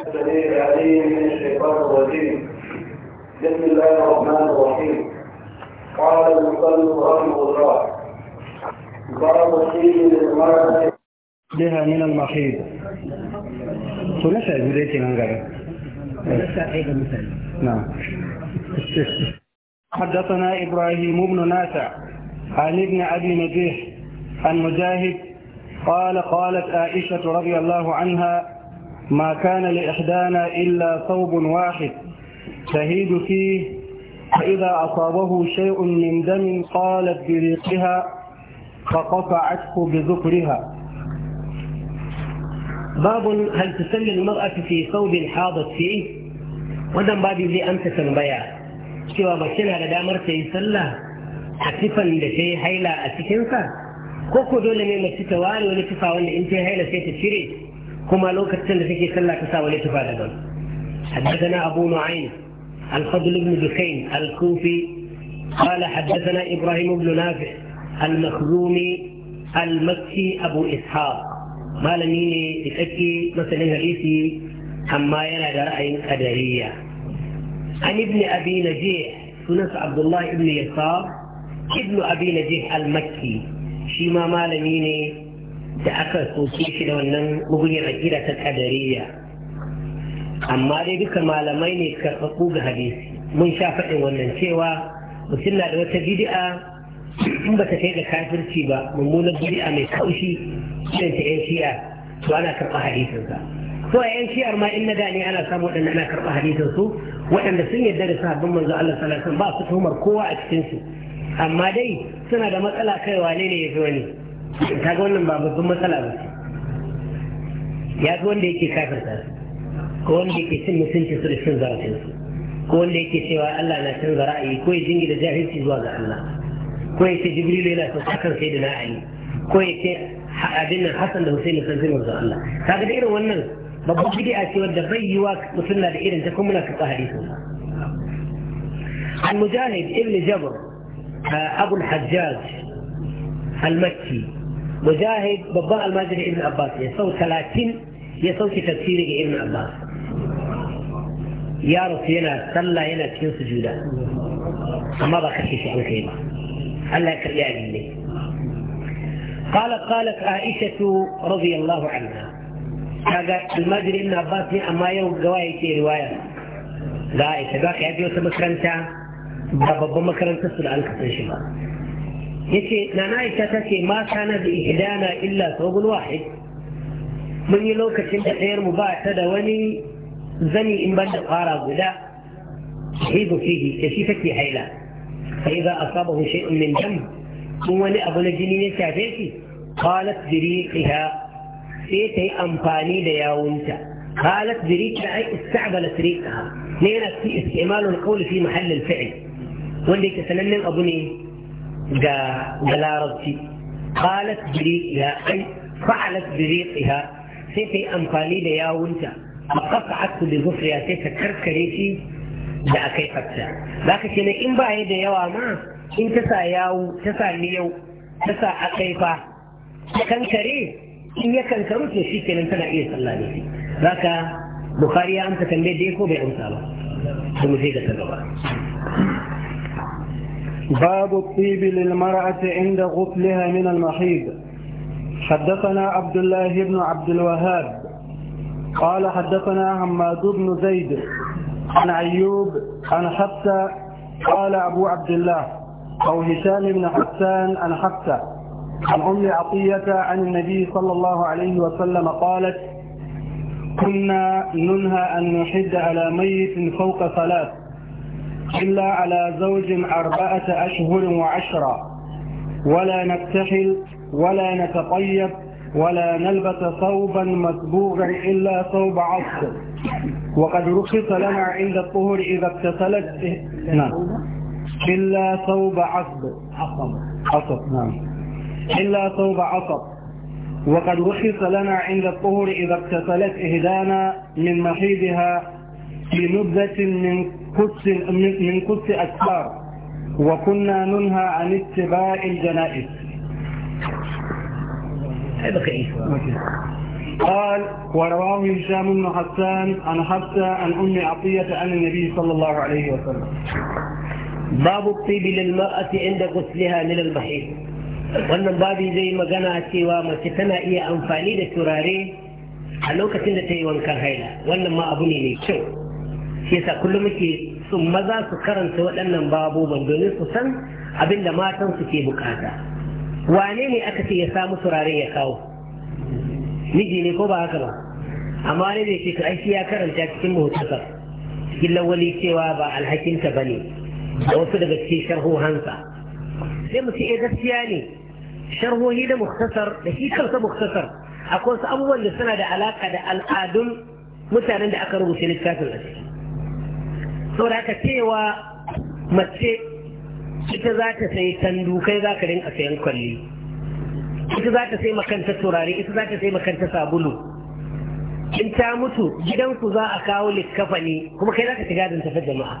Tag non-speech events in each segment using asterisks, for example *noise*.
بسم الله الرحمن الرحيم قال المصلي رحمه الله باب الطيب للمرأة بها من المخيط ثلاثة جزئية من غيره نعم حدثنا إبراهيم بن نافع عن ابن أبي مديح عن مجاهد قال قالت عائشة رضي الله عنها ما كان لإحدانا إلا ثوب واحد شهيد فيه فإذا أصابه شيء من دم قالت بريقها فقطعته بذكرها باب هل تسلي المرأة في ثوب حاضت فيه ودم باب لي أنت تنبيع سوى بشنا لدامر سيسلى حكفا لشيء حيلة أسكنك كوكو دولة من المسيطة والي ولي تفاولي انت حيلة سيتشري كما لو كتن في كي سلا كسا حدثنا أبو نعيم الفضل بن بخيم الكوفي قال حدثنا إبراهيم بن نافع المخزومي المكي أبو إسحاق ما لنيني تكي مثلا هريسي أما يرى رأي قدرية عن ابن أبي نجيح سنس عبد الله بن يسار ابن أبي نجيح المكي شيما ما لنيني da aka soke shi da wannan mugunyar akira ta kadariya amma dai duka malamai ne karɓaɓɓu ga hadisi mun sha faɗin wannan cewa mutum na da wata bid'a in ba ta kai da kafirci ba mummunar bid'a mai kaushi irin ta yan shi'a to ana karɓa sa ko a yan shi'ar ma in na gane ana samu waɗanda ana karɓa su waɗanda sun yarda da sabbin manzo Allah sallallahu alaihi wasallam ba su tuhumar kowa a cikin su amma dai suna da matsala kai wane ne ya fi wani kaga wannan ba babban matsala ba ya fi wanda yake kafirta ko wanda yake cin mutunci su da cin zarafinsu ko wanda yake cewa Allah na cin ra'ayi ko ya da jahilci zuwa ga Allah ko ya ce Jibril yana son akan sai da na'ayi ko ya ce abin nan Hassan da husaini sun fi ga Allah kaga da irin wannan babban bid'a ce wanda bai yi wa musulma da irin ta kuma na kafa hadisin المجاهد ابن جبر أبو الحجاج المكي mujaahid babba almajiri ibn abbas ya sau talatin ya sauke tafsiri ibn abbas ya rasu yana sallah yana cikin sujuda amma ba kashe shi an kai ba Allah ya karɓi abin ne قال قالت عائشة رضي الله عنها kaga almajiri ibn abbas ne amma yau gawa yake riwaya ga aisha ga ka yaje wata makaranta ba babban makarantar su da kasan shi ba هيكي ناناي تتكي ما كان بإهدانا إلا ثوب واحد من يلوك كنت غير مباعثة دواني زني إن بند قارا غدا يحيد فيه كشيفك حيلا فإذا أصابه شيء من دم وني أبو لجنين يتعفيكي قالت بريقها سيتي أمقاني ديا وانت قالت بريقها أي استعبلت ريقها نينا في استعمال القول في محل الفعل وانديك سننن أبو ga لاربتي قالت بريئها أي فعلت بريئها سيتي أنفالي لياونتا فقطعت بظفرها سيتا كركريتي da aka yi fatta za ka kenan in ba da yawa ma in ta sa yawu ta sa miyau ta sa akaifa kankare in ya kankaru to shi kenan tana iya sallah da shi zaka ya amsa tambayar da ko bai amsa ba to mu sai ga gaba باب الطيب للمرأة عند غفلها من المحيض حدثنا عبد الله بن عبد الوهاب قال حدثنا عماد بن زيد عن أيوب عن حفصة قال أبو عبد الله أو هشام بن حسان عن حفصة عن أم عطية عن النبي صلى الله عليه وسلم قالت كنا ننهى أن نحد على ميت فوق ثلاث إلا على زوج أربعة أشهر وعشرة ولا نكتحل ولا نتطيب ولا نلبس ثوبا مسبوغا إلا ثوب عصر وقد رخص لنا عند الطهر إذا اغتسلت إه- نعم إلا ثوب عصب عصب عصب نعم إلا ثوب عصب وقد رخص لنا عند الطهر إذا اغتسلت إهدانا من محيضها بنبذة من قدس من قدس أسفار وكنا ننهى عن اتباع الجنائز قال ورواه هشام بن حسان عن حفصة عن أم عطية عن النبي صلى الله عليه وسلم باب الطيب للمرأة عند غسلها من المحيط wannan babi zai magana cewa mace tana iya amfani da turare a lokacin da ta yi wankan haila wannan ma abu ne mai kyau shi yasa kullum muke su maza su karanta waɗannan babuban domin su san abin da matan su ke bukata wane ne aka ce ya samu turaren ya kawo miji ne ko ba haka ba amma wani ne ce to aiki ya karanta cikin muhtasar cikin lawali cewa ba alhakinta ba ne da wasu daga cikin sharhohansa sai mu ce eh, gaskiya ne sharhohi da muktasar, da shi kansa muktasar, akwai wasu abubuwan da suna da alaka da al'adun mutanen da aka rubuta littafin a ciki Sau da haka cewa mace ita za ta sai sandu kai za ka rinka sayan kwalli ita za ta sai makanta turare ita za ta sai makanta sabulu in ta mutu gidanku za a kawo likkafa ne kuma kai za ka ci gadon tafi jama'a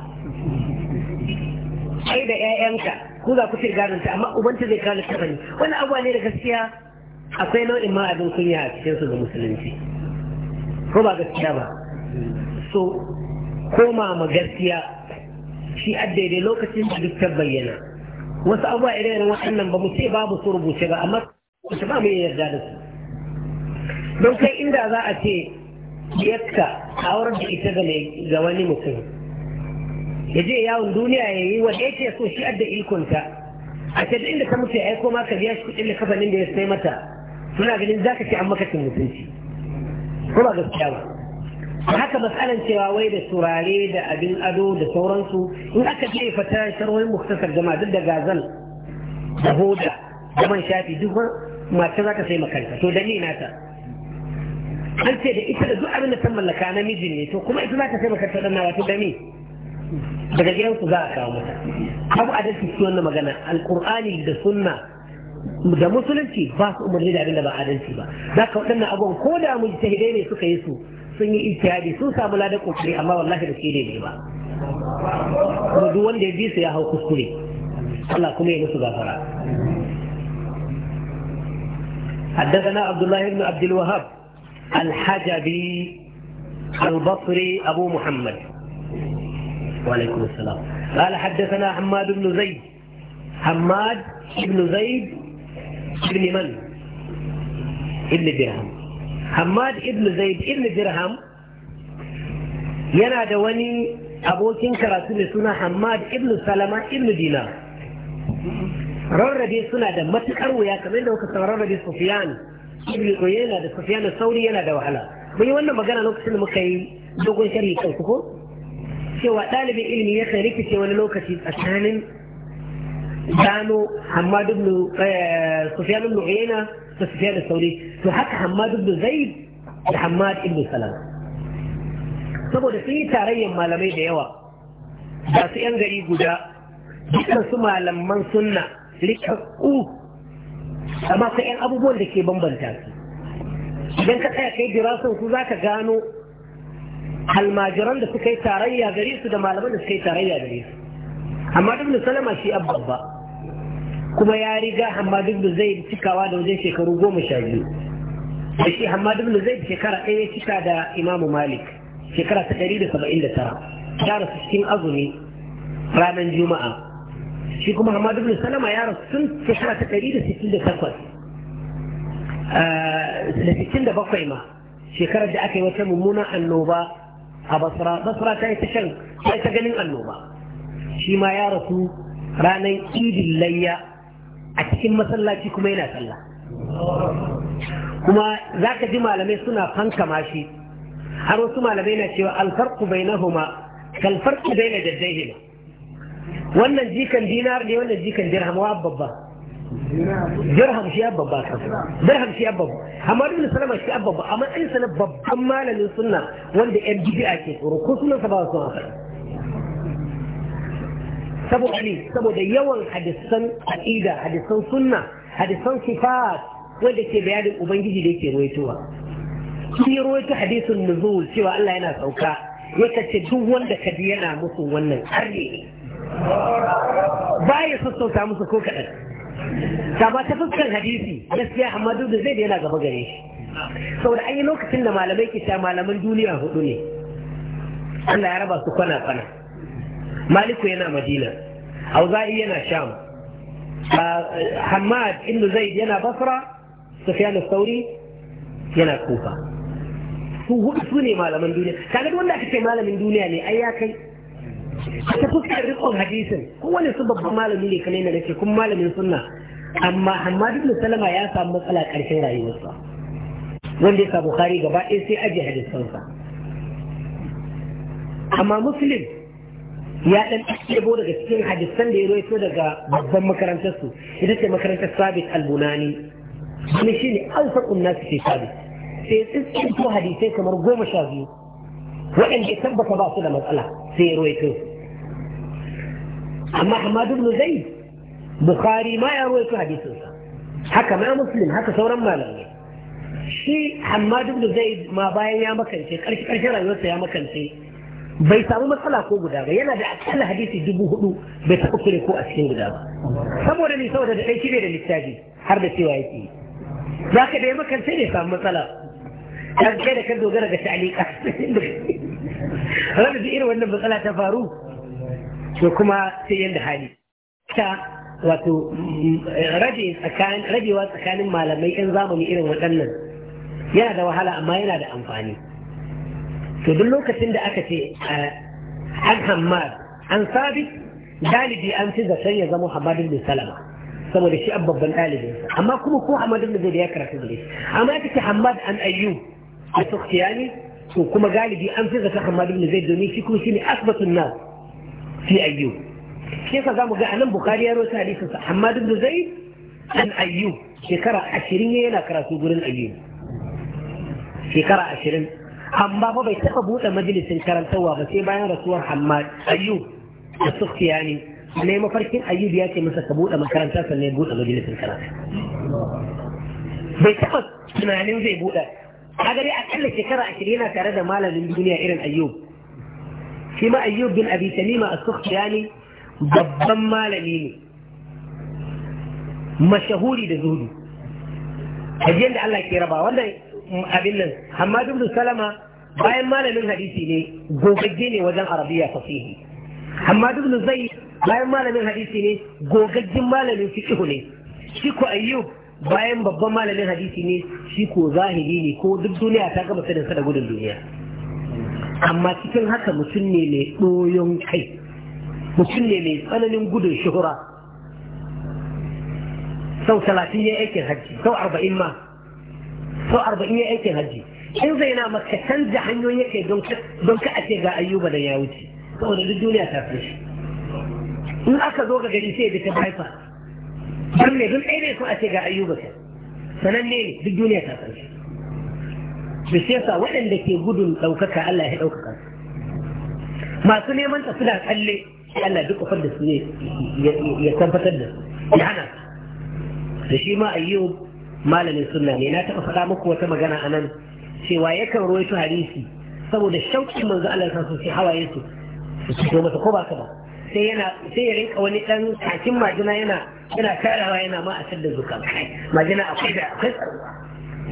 ai da 'ya'yanka ku za ku ci gadon ta amma ubanta zai kawo likkafa ne wani abuwa ne da gaskiya akwai nau'in ma abin kunya a cikin su ga musulunci ko ba gaskiya ba so koma ma gaskiya shi daidai lokacin da duk ta bayyana wasu abuwa irin waɗannan ba mu ce babu su rubuce ba amma wasu ba mu yi yarda da su don kai inda za a ce yadda kawar da ita ga wani mutum ya je yawon duniya ya yi wanda yake so shi adda ikonta a ce inda ta mutu ya aiko maka biya shi kuɗin da kafanin da ya sai mata suna ganin za ka ce an makacin mutunci ko ba gaskiya ba haka matsalan cewa wai da turare da abin ado da sauransu in aka ce fata sharwoyin muktasar gama duk da gazal da hoda da man shafi duk mace za ta sai makanta to dalili nata an ce da ita da duk abin da ta mallaka namiji ne to kuma ita za ta sai makanta dan nawa to da me daga gidansu za a kawo mata abu adalci ce wannan magana alqur'ani da sunna da musulunci ba su umarni da abin da ba adalci ba za ka waɗannan abubuwan ko da mujtahidai ne suka yi su sun yi ijtihadi sun samu ladan kokari amma wallahi da shi ne ba kuma duk wanda ya ji su ya hau kuskure Allah kuma ya musu gafara حدثنا عبد الله بن عبد الوهاب الحجبي البصري أبو محمد وعليكم السلام قال حدثنا حماد بن زيد حماد بن زيد بن من؟ ابن درهم hamad ibn zaid ibn dirham yana da wani abokin karatu da suna hamad ibn salama ibn dina rarrabe suna da matukar wuya kamar da kuka san rarrabe sufyan ibn uyayna da sufyan sauri yana da wahala mun yi wannan magana lokacin da muka yi dogon sharhi kan ko cewa ɗalibin ilimi ya yakan rikice wani lokaci tsakanin gano hamad ibn eh, sufyan ibn uyayna da sauri al to haka Hammad ibn Zaid da Hammad ibn Salama saboda sun yi tarayyar malamai da yawa ba su yan gari guda dukkan su malaman sunna rikakku amma sai yan abubuwan da ke bambanta su idan ka tsaya kai dirasan su zaka gano almajiran da suka yi tarayya gare su da malaman da suka yi tarayya gare su amma ibn Salama shi abba kuma ya riga hamad ibn zaid cikawa da wajen shekaru goma sha biyu da shi hamad ibn zaid shekara ɗaya ya cika da imam malik shekara ta ɗari da saba'in da tara ya rasu cikin azumi ranar juma'a shi kuma hamad ibn salama ya rasu tun shekara ta ɗari da sittin da takwas eh, da sittin da bakwai ma shekarar da aka yi wata mummunan annoba a basra basra ta yi ta shan ta ganin annoba shi ma ya rasu ranar idin layya a cikin masallaci kuma yana sallah kuma za ka ji malamai suna fankama shi har wasu malamai na cewa alfarku bai na huma kalfarku bai na jaddai wannan jikan dinar ne wannan jikan dirham wa babba dirham shi babba kan dirham shi babba amma ibn salama shi babba amma in sanan babban malamin sunna wanda yan bid'a ke tsoro ko sunan sa ba su haka saboda ne saboda yawan hadisan aqida hadisan sunna hadisan sifat wanda ke bayanin ubangiji da yake ruwaitowa shi ruwaito hadisun nuzul cewa Allah yana sauka yake ce duk wanda ka ji yana musu wannan arne ba ya sassauta musu ko kaɗan ba ta fuskar hadisi gaskiya amma duk da zai yana gaba gare shi saboda an yi lokacin da malamai ke ta malaman duniya hudu ne Allah ya raba su kwana kwana maliku yana madina auza'i yana sham hamad ibn zaid yana basra sufyan al-thawri yana kufa su hudu su ne malaman duniya kaga wanda kake malamin duniya ne ai ya kai ka fuskar rikon hadisin kowane su babban malami ne kamar nake kuma malamin sunna amma hamad ibn salama ya samu matsala karshen rayuwarsa wanda ya sa bukhari gaba ɗaya sai aje hadisansa amma muslim ya dan ɗebo daga cikin hadisan da ya roito daga babban makarantarsu. ita ce makarantar sabit al-bunani wani shine alfaqun nas fi sabit sai tsitsin ko hadisai kamar goma sha biyu waɗanda ya tabbata ba su da matsala sai ya roito. amma Ahmad ibn zai Bukhari ma ya roito hadisin haka ma Muslim haka sauran malamai shi Ahmad ibn zai ma bayan ya makance karshe karshe rayuwarsa ya makance bai samu matsala ko guda ba yana da akalla hadisi dubu hudu bai taɓa kure ko a cikin guda ba saboda ni saboda da ɗai shi da littafi har da cewa yake za ka da ya makance ne samu matsala ta kai da kan dogara ga ta'alika rabu da irin wannan matsala ta faru to kuma sai yanda hali ta wato mm, rabewa tsakanin malamai yan zamani irin waɗannan yana da wahala amma yana da amfani to duk lokacin da aka ce eh, an hammad an sabi dalibi an fi zaton ya zama hamad ibn salama saboda shi an babban dalibi amma kuma ko hamad ibn zai ya karatu da shi amma aka ce hamad an ayyu a tukhtiyani to kuma galibi an fi zaton hamad ibn zai domin shi kuma shi shine asbatun na fi ayyu shi yasa mu ga anan bukhari ya rawaita hadisin sa hamad ibn zai? an ayyu shekara 20 yana karatu gurin ayyu shekara ashirin. amma ba bai taɓa buɗe majalisin karantarwa ba sai bayan rasuwar hammad ayyub da sufiyani ne mafarkin ayyub ya ce masa ka buɗe makaranta sannan ya buɗe majalisin karanta bai taɓa tunanin zai buɗe a gari akalla shekara ashirin yana tare da malamin duniya irin ayyub shi ma ayyub bin abi tamima as-sufyani babban malami ne mashahuri da zuhudu ajiyar da Allah ke raba wannan abin nan amma duk da salama bayan malamin hadisi ne gogagge ne wajen arabiya fasihi amma duk da zai bayan malamin hadisi ne gogaggen malamin fiqhu ne shi ko ayyub bayan babban malamin hadisi ne shi ko zahiri ne ko duk duniya ta gama sanin da gudun duniya amma cikin haka mutum ne mai ɗoyon kai mutum ne mai tsananin gudun shuhura sau talatin ya aikin hajji sau arba'in ma sau arba'in ya aikin hajji in zai na maka canza hanyoyi yake don ka ake ga ayyuba da ya wuce saboda duk duniya ta fi shi in aka zo ga gari sai da ta haifa don ne don ɗaya ne so ake ga ayyuba ta sanan ne duk duniya ta fi shi da shi yasa waɗanda ke gudun ɗaukaka Allah ya ɗaukaka masu neman ta suna tsalle Allah duk kafar da su ne ya tabbatar da su ya hana da shi ma ayyuba malamin sunna ne na taɓa faɗa muku wata magana a nan cewa yakan ruwaito hadisi saboda shauƙi manzo Allah san su hawaye su su to ko ba ka ba sai yana sai ya rinka wani dan kakin majina yana yana karawa yana ma a da zuka majina akwai da akwai tsaruwa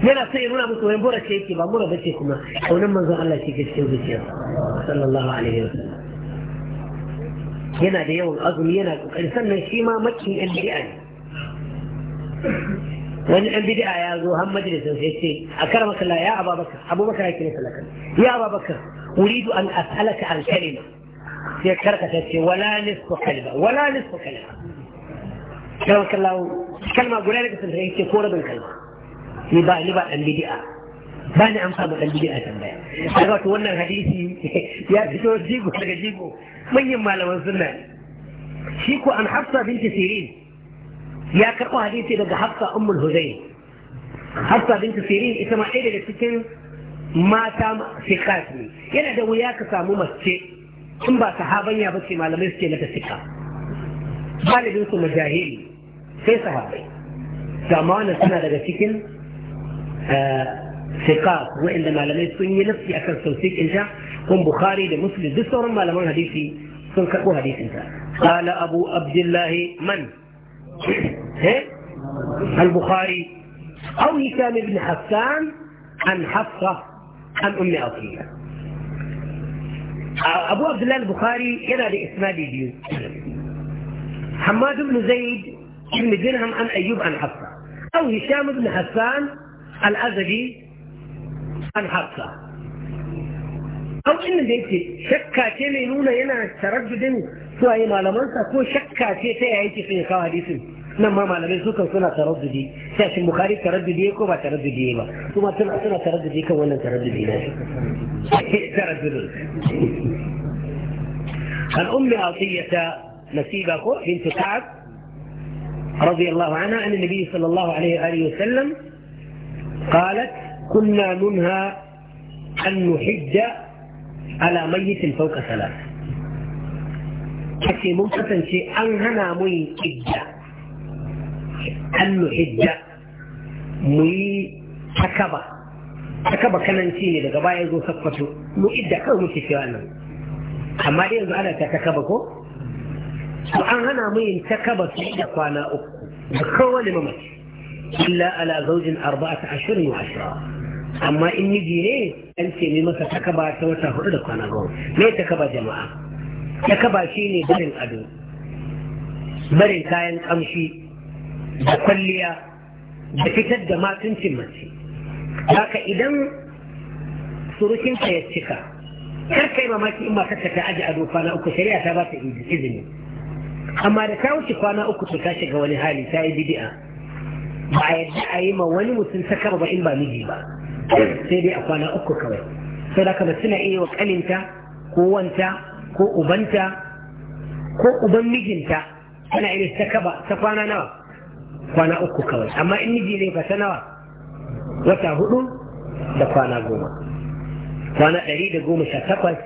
yana sai ya nuna musu wani bora ce yake ba mura bace kuma kaunan manzo Allah shi ke cikin zuciya sallallahu alaihi wasallam yana da yawan azumi yana kokari sannan shi ma makin ɗan bid'a ne wani ɗan bid'a ya zo har majalisin sai ce a karama kalla ya ababakar abubakar yake nisa lakan ya ababakar uridu an as'alaka an kalima sai karkata ce wala nisfu kalma wala nisfu kalma karama kalla kalma guda daga sun sai ce ko rabin kalma ni ba ni ba ɗan bid'a ba ni amsa ba ɗan bid'a tambaya a wato wannan hadisi ya fito jigo daga jigo manyan malaman sunna shi ko an hafsa binti sirin يا كربو حديثي لقى حفصة أم الهذيل حفصة بنت سيرين إسماعيل إيه لتكن ما تام ثقاتني يلا ده وياك سامو مسجد ثم با يا بس ما لم يسكي لك قال غالبين سو مجاهيل في صحابي زمان سنة لقى تكن آه، ثقات وإن ما لم يسكن نفسي أكثر توثيق إنجا هم بخاري لمسلم دستور ما لم حديثي سنكبو حديث إنجا قال أبو عبد الله من إيه؟ البخاري أو هشام بن حسان عن حفصة عن أم أطية أبو عبد الله البخاري ينا لاسناد بيو حماد بن زيد بن درهم عن أيوب عن حفصة أو هشام بن حسان الأزدي عن حفصة أو إن ديتي شكا تيمي نونا ينا تردد su a yi malamansa ko shakka ce ta yayi cikin ya kawo hadisin nan ma malamai su kan suna taraddudi sai shin bukari taraddudi ko ba taraddudi ba kuma suna suna taraddudi kan wannan taraddudi na shi taraddudi an ummi atiyata nasiba ko bint ka'ab رضي الله عنها عن النبي صلى الله عليه وآله وسلم قالت كنا ننهى أن نحج على ميت فوق ثلاث kace mun kasance an hana mu yin idda an nuhidda mu yi takaba takaba kananci ne daga baya zo sakkwato mu idda kawai muke cewa nan amma dai yanzu ana ta takaba ko to an hana mu yin takaba su da kwana uku da kowane mamaci illa ala zaujin arba'ata ashirin wa ashra amma in miji ne an ce mai masa takaba ta wata hudu da kwana goma me takaba jama'a ta kaba shi ne barin ado barin kayan kamshi da kwalliya da fitar da matuncin mace haka idan surukinka ya cika kar kai mamaki in matarka ta aji ado kwana uku shari'a ta ba ta izini amma da ta wuce kwana uku ta ta shiga wani hali ta yi bidi'a ba a yadda a yi ma wani mutum ta kaba ba in ba miji ba sai dai a kwana uku kawai Sai da kama suna iya wa kalinta ko wanta ko ubanta ko uban mijinta tana ile ta kaba ta kwana nawa kwana uku kawai amma in miji ne ka ta nawa wata hudu da kwana goma kwana ɗari da goma sha takwas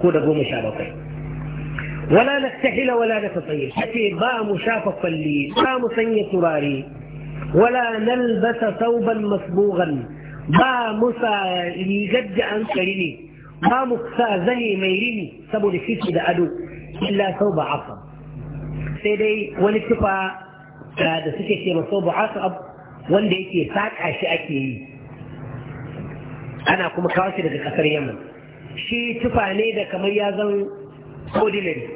ko da goma sha bakwai ولا na tahila wala na tafayi ake ba mu shafa kwalli ba mu sanya turare wala nalbasa sauban masbugan Za mu sa zane mai rini saboda fifi da ado illa sau ba asab sai dai wani tufa da suke ce sau ba asab wanda yake saƙa shi ake yi ana kuma kawo shi daga ƙasar yamma shi tufa ne da kamar ya zan ordinary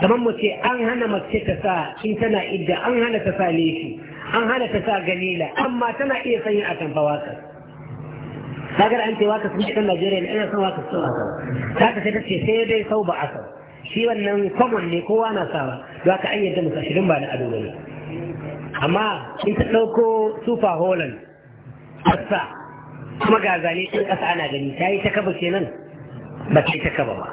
kamar mu ce an hana mace ta sa in tana idda an hana ta sa leshi an hana ta sa ganila amma tana iya sanya a wasa kagar an ce waka sun cikin Najeriya ne ina son waka sun wasa ta ka sai ta ce sai dai sau ba sau. shi wannan common ne kowa na sawa za ka ayyanta musu ashirin ba na ado bane amma in ta ɗauko super holland ƙasa, kuma ga zane ɗin ƙasa ana gani ta yi ta kaba kenan ba ta yi ta kaba ba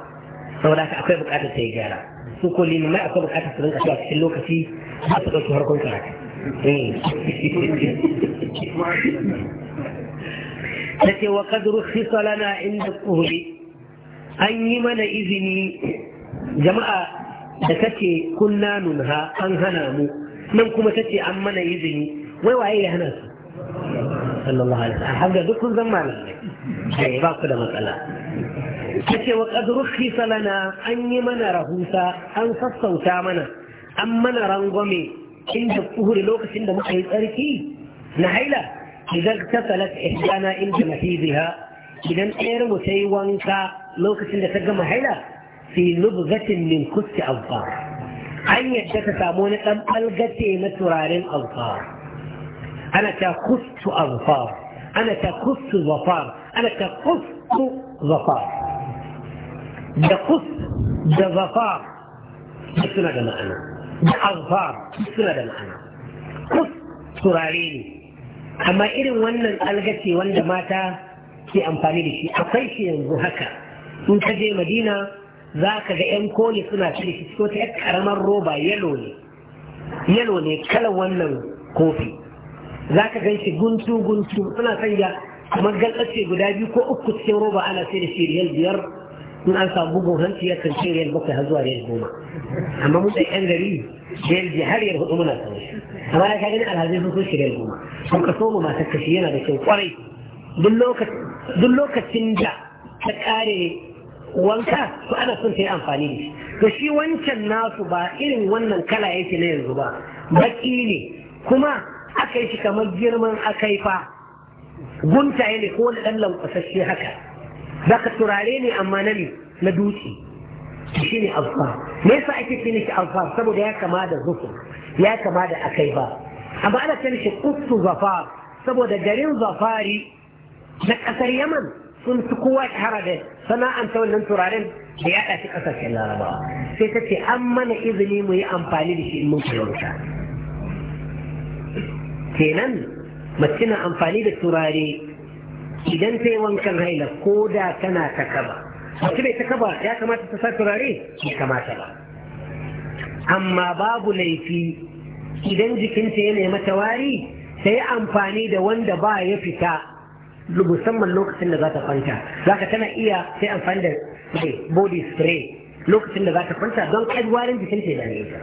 saboda haka akwai buƙatar ta yi gyara su ko mai akwai buƙatar su rinka a cikin lokaci ba su ɗauki harkon karatu eh. *laughs* take wa kadru khisalana inda kuhuri an yi mana izini jama'a da kace kunna nunha an hana mu nan kuma tace an mana izini wai waye ya hana su sallallahu alaihi wasallam hanga duk kun zama malamai eh, ba ku da matsala kace wa qad rukhisa lana an yi mana rahusa an sassauta mana an mana rangwame inda kuhuri lokacin da muka yi tsarki na haila إذا اغتسلت إحدانا إن محيضها إذا إير وتيوانكا لو كنت تقم حيلا في نبذة من كس أظهار أن يجد تسامون أم ألغتي مترار أظفار أنا تقص أظهار أنا تقص ظفار أنا تقص ظفار da kus بسنة معنا suna بسنة معنا da تراريني amma irin wannan algace wanda mata ke amfani da shi akwai shi yanzu haka in ka je madina za ka ga 'yan koli suna cire shi ko ta karamar roba yalo ne yalo kalan wannan kofi za ka gan shi guntu guntu suna sanya kamar galɓace guda biyu ko uku cikin roba ana sai da shi biyar in an samu bugun hanci ya kan bakwai har zuwa riyal goma amma mun da yan gari da ji har riyal hudu muna sauri amma ya gani alhazai sun so shirya goma sun kaso mu masu kashi yana da kyau kwarai duk lokacin da ta kare wanka to ana son ta yi amfani da shi to shi wancan nasu ba irin wannan kala yake na yanzu ba baki ne kuma aka yi shi kamar girman fa guntaye ne ko wani ɗan lankwasashe haka za ka turare ne amma na ne na dutse shi ne alfa me yasa ake ce mishi alfa saboda ya kama da zufu ya kama da akai ba amma ana ce mishi kuttu zafar saboda garin zafari na kasar yaman sun fi kowa shahara da sana'anta wannan turaren da ya ɗaci ƙasashen larabawa sai ta ce an mana izini mu yi amfani da shi in mun kayo kenan mace na amfani da turare idan ta yi wankan haila ko da tana ta kaba wacce bai ta kaba ya kamata ta sa turare ya kamata ba amma babu laifi idan jikinta ya ta wari ta yi amfani da wanda ba ya fita musamman lokacin da za ta kwanta za ka tana iya sai amfani da body spray lokacin da za ta kwanta don kai warin jikinta ya dame ta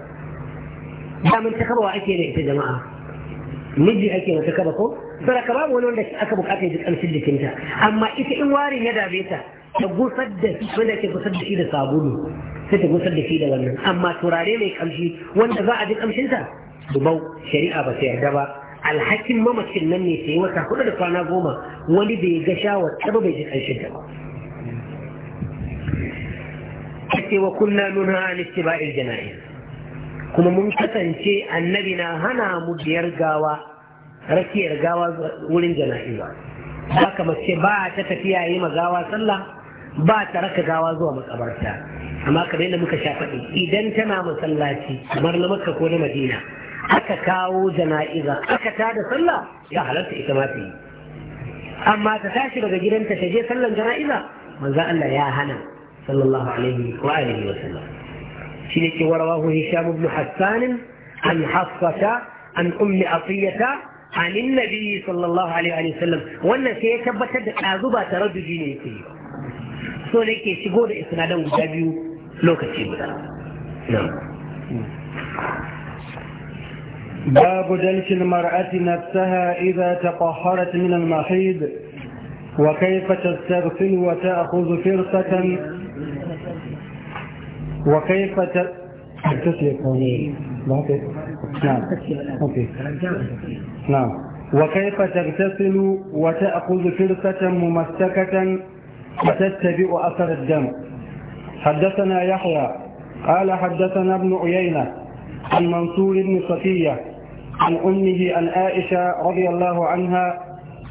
damin ta kaba ake da ita jama'a miji ake wata kaba ko saraka babu wani wanda aka bukata ya ji kamshin jikinta amma ita in warin ya dabe ta ta gusar da wanda ke gusar da shi da sabulu sai ta gusar da shi da wannan amma turare mai kamshi wanda za a ji ta dubau shari'a ba ta yarda ba alhakin mamakin nan ne ta yi wata hudu da kwana goma wani bai ga shawar ta bai ji ta ba ake wa kunna nuna an istiba'il jana'i kuma mun kasance annabi na hana mu biyar gawa rakiyar gawa wurin jana'iza haka mace ba ta tafiya yi ma gawa sallah ba ta raka gawa zuwa makabarta amma kamar yadda muka sha faɗi idan tana masallaci kamar na makka ko na madina aka kawo jana'iza aka tada sallah ya halarta ita ma ta yi amma ta tashi daga gidanta ta je sallan jana'iza manzo Allah ya hana sallallahu alaihi wa alihi wa sallam shi ne ke warawahu hisham ibn hassan an hafsata an ummi atiyata عن النبي صلى الله عليه وسلم وانا سيثبت عذبة رد جنيتي سو نكي سيقول إسنا دون جابيو لو كتير بدا نعم. باب دلش المرأة نفسها إذا تطهرت من المحيض وكيف تستغسل وتأخذ فرصة وكيف ت... تسلك نعم اوكي نعم وكيف تغتسل وتأخذ فرقة ممسكة وتتبع أثر الدم حدثنا يحيى قال حدثنا ابن عيينة عن منصور بن صفية عن أمه عن عائشة رضي الله عنها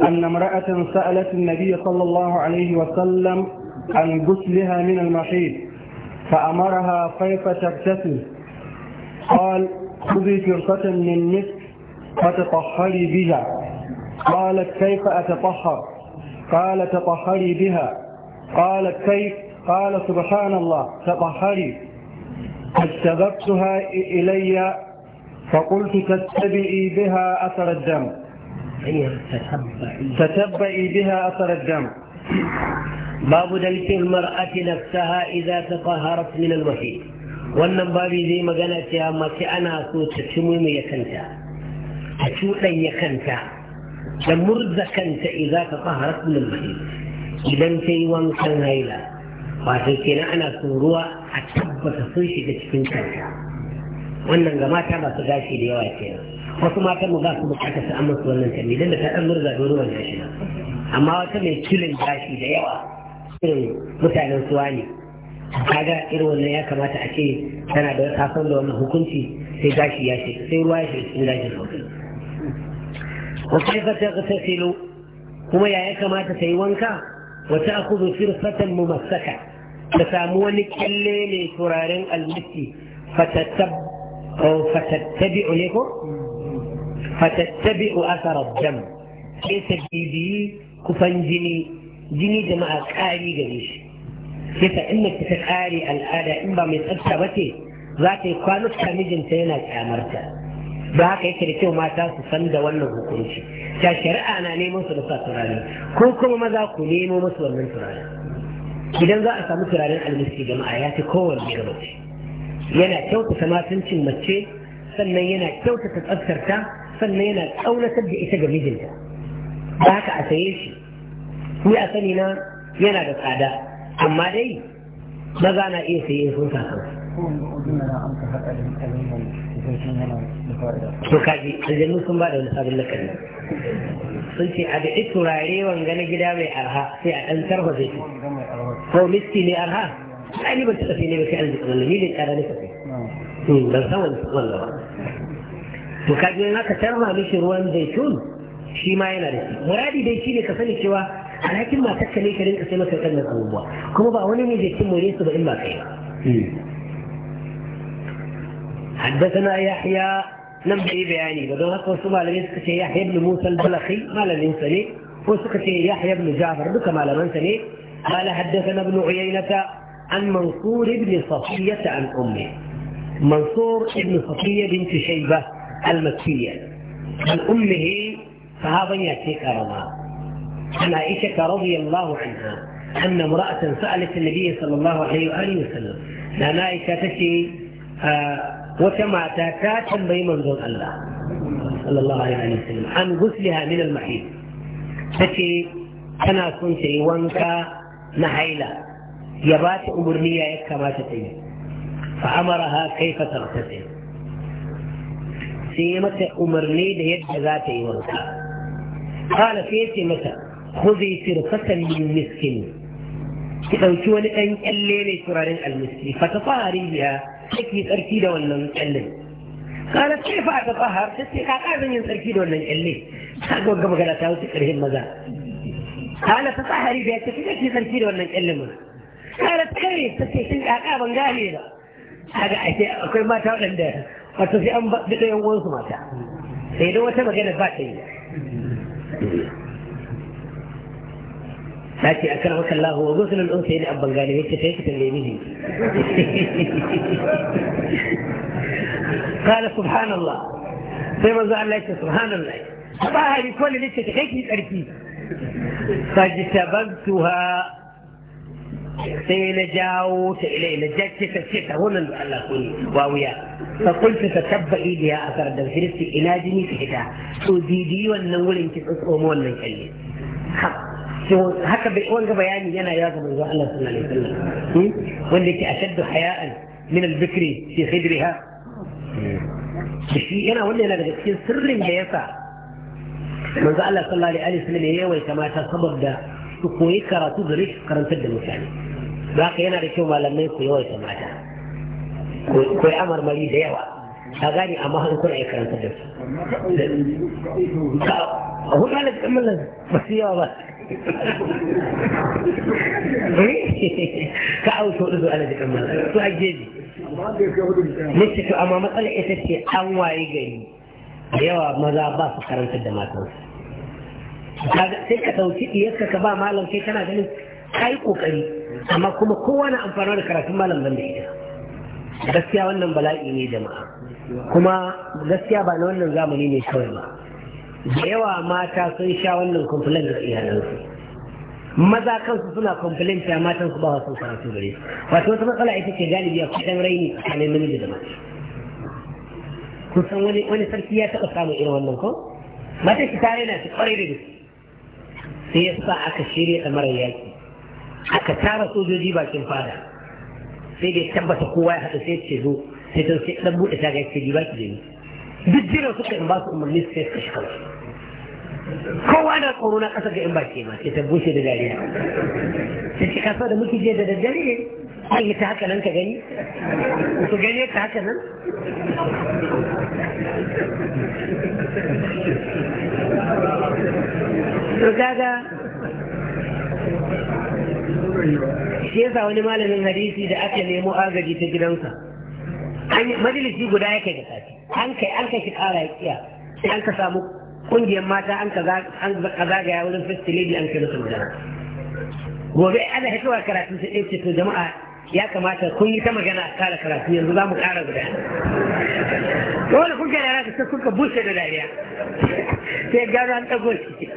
أن امرأة سألت النبي صلى الله عليه وسلم عن غسلها من المحيط فأمرها كيف تغتسل قال خذي فرقة من مسك فتطهري بها قالت كيف أتطهر قال تطهري بها قالت كيف قال سبحان الله تطهري فاجتذبتها إلي فقلت تتبئي بها أثر الدم تتبئي بها أثر الدم باب دلت المرأة نفسها إذا تطهرت من الوحيد wannan ذي zai ما cewa سوء ana so ta cuɗanya kanta da murza kanta idan ka tsahara kullum mahi idan ta yi wankan haila wato kena ana son ruwa a tabbata sun shiga cikin kanta wannan ga mata masu gashi da yawa kenan wasu matan mu ba su bukata su amma su wannan tambi dan da ta dan murza da ruwan gashi na amma wata mai kilin gashi da yawa irin mutanen suwa ne kaga irin wannan ya kamata a ce tana da ta da wannan hukunci sai gashi ya ce sai ruwa ya shiga cikin gashin sosai وكيف تغتسل كما يا كما تسي وتأخذ فرصة ممسكة تسامون كلي لترارين المسي فتتب أو فتتبع لكم فتتبع أثر الدم كيف تجيبي كفن جني جني جماعة كاري جريش كيف إنك تتكاري الآلة إما من أكتبتي ذاتي قالت كمجن سينا كامرتها Ba haka yake da kyau mata su san da wannan hukunci ta shari'a na neman su da sa turare ko kuma maza ku nemo musu wannan turare idan za a samu turaren almiski jama'a ya fi kowane mace yana kyautata matancin mace sannan yana kyautata tsaftarta sannan yana tsaunatar da ita ga mijinta da haka a saye shi ni a sani na yana da tsada amma dai maza na iya saye sun kasa to kaji aljannu sun ba da wani sabon lakari sun ce a daɗi turare wanga na gida mai arha sai a ɗan tarho zai ko miski ne arha ai ni ban taɓa sai ne ba sai arziki wannan ni ne ƙara ne kafai ban san wani sabon ba to kaji in aka tarma mishi ruwan zaitun shi ma yana da shi muradi dai shi ne ka sani cewa alhakin matar ka ne ka rinka sai maka waɗannan abubuwa kuma ba wani ne zai cin more su ba in ba kai ba hmm. حدثنا يحيى لم بياني بدل هكو سما لنسك يحيى بن موسى البلخي ما لم ينسني وسك يحيى بن جعفر بك ما لم ينسني قال حدثنا ابن عيينة عن منصور بن صفية عن أمه منصور بن صفية بنت شيبة المكية عن أمه فهذا يأتيك رضا عن عائشة رضي الله عنها أن امرأة سألت النبي صلى الله عليه وآله وسلم لأن نعم، عائشة تشي آه، وكما تاتا تنبي من دون الله صلى الله عليه وسلم عن غسلها من المحيط تكي انا كنت وانكا نحيلا يبات امرنيا كما تتي فامرها كيف تغتسل سيمت امرني ليد ذاتي وانكا قال في سيمتا خذي سرقة من مسكين تدوكي ولئن قليل المسكين فتطهري بها kake tsarki da wannan kyalle kana ce fa tsahar ta ce kaka zan yin tsarki da wannan kyalle ta ga magana ta wuce karhin maza kana ta tsahari da ta kike tsarki da wannan kyalle mana kana kai ta ce kin kaka ban gane ba kaga ake akwai mata waɗanda wato sai an bada yan uwansu mata sai da wata magana ba ta yi ta ce a kan wakan lahu wa gusulun ɗin sai da abban gane wacce ta yi ka tambaye miji kala subhanallah sai manzo Allah ya ce subhanallah a ba hari kwallo ne ce ta kai ki tsarki فاجتبنتها سين جاو إلي نجدت فسيتها هنا الله كوني واويا فقلت فتبئي بها أثر الدم فلسي إلى دني في حدا وديدي والنول انت تسقوم والنكلي حق haka wanda bayani yana ya ga manzo Allah sallallahu alaihi wasallam hmm? wanda yake ashaddu haya'an min al-bikri fi khidriha shi yana wanda yana daga cikin sirrin da yasa manzo Allah sallallahu alaihi wasallam ya yawaita mata saboda su koyi karatu da rikin karantar da mutane za yana da kyau malamai ku yawaita mata koyi amarmari da yawa A gane amma har kuna iya karanta da su a hudu da kamar ba su yawa ba *laughs* ka auto da su ana da kamar su a jeji nace to amma matsala ita ce an waye gari da yawa maza ba su karanta da matansu sai ka ɗauki ɗiyarka ka ba malam kai kana ganin ka yi ƙoƙari amma kuma kowane na amfani da karatun malam zan da ita gaskiya wannan bala'i ne jama'a kuma gaskiya ba na wannan zamani ne kawai ba da yawa mata sun sha wannan kumfulan da iyalansu maza kansu suna kumfulan ta matan su ba wasu karatu gare su wato wata matsala ita ce galibi a kudin raini tsakanin namiji da mace kusan wani wani sarki ya taɓa samun irin wannan ko mata shi ta raina su kwarai da gaske sai ya sa aka shirya mara yaƙi aka tara sojoji bakin fada sai da ya tabbata kowa ya haɗu sai ya ce zo sai ta sai dan buɗe ta ga yake ji baki gani duk jiran suka in ba su umarni su sai kashe kawai kowa na tsoro na ƙasar ga in baki ma sai ta bushe da dariya sai ce kasuwa da muke je da daddare ne an yi ta haka nan ka gani ku gani ka haka nan to kaga shi yasa wani malamin hadisi da aka nemo agaji ta gidansa majalisi guda yake da sati an kai an kai shi kara ya kiya sai an ka samu kungiyar mata an ka zagaya wurin first an kai da magana gobe ana hitowa karatu sai ɗaya ce to jama'a ya kamata kun yi ta magana a kara karatu yanzu za mu kara guda wanda kun ga yara sai kuka bushe da dariya sai gano an dago shi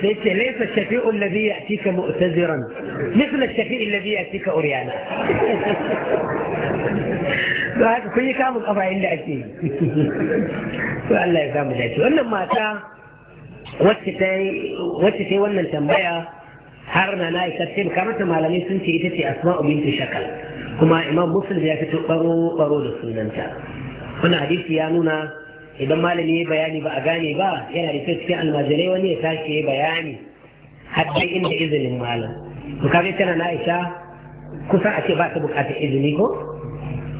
sai ce laisa shafi'un ladhi ya'tika mu'taziran mithla shafi'in ladhi ya'tika uryana to haka kun yi kamun kafa inda ake yi to Allah ya samu dace wannan mata wacce ta yi wannan tambaya har na na ita ce sun ce ita ce asma'u binti shakal kuma imam muslim ya fito baro baro da sunanta wannan hadisi ya nuna idan malami ya bayani ba a gane ba yana da cikin almajirai wani ya tashi ya bayani hatta inda izinin malam to tana na aisha kusan a ce ba ta bukatar izini ko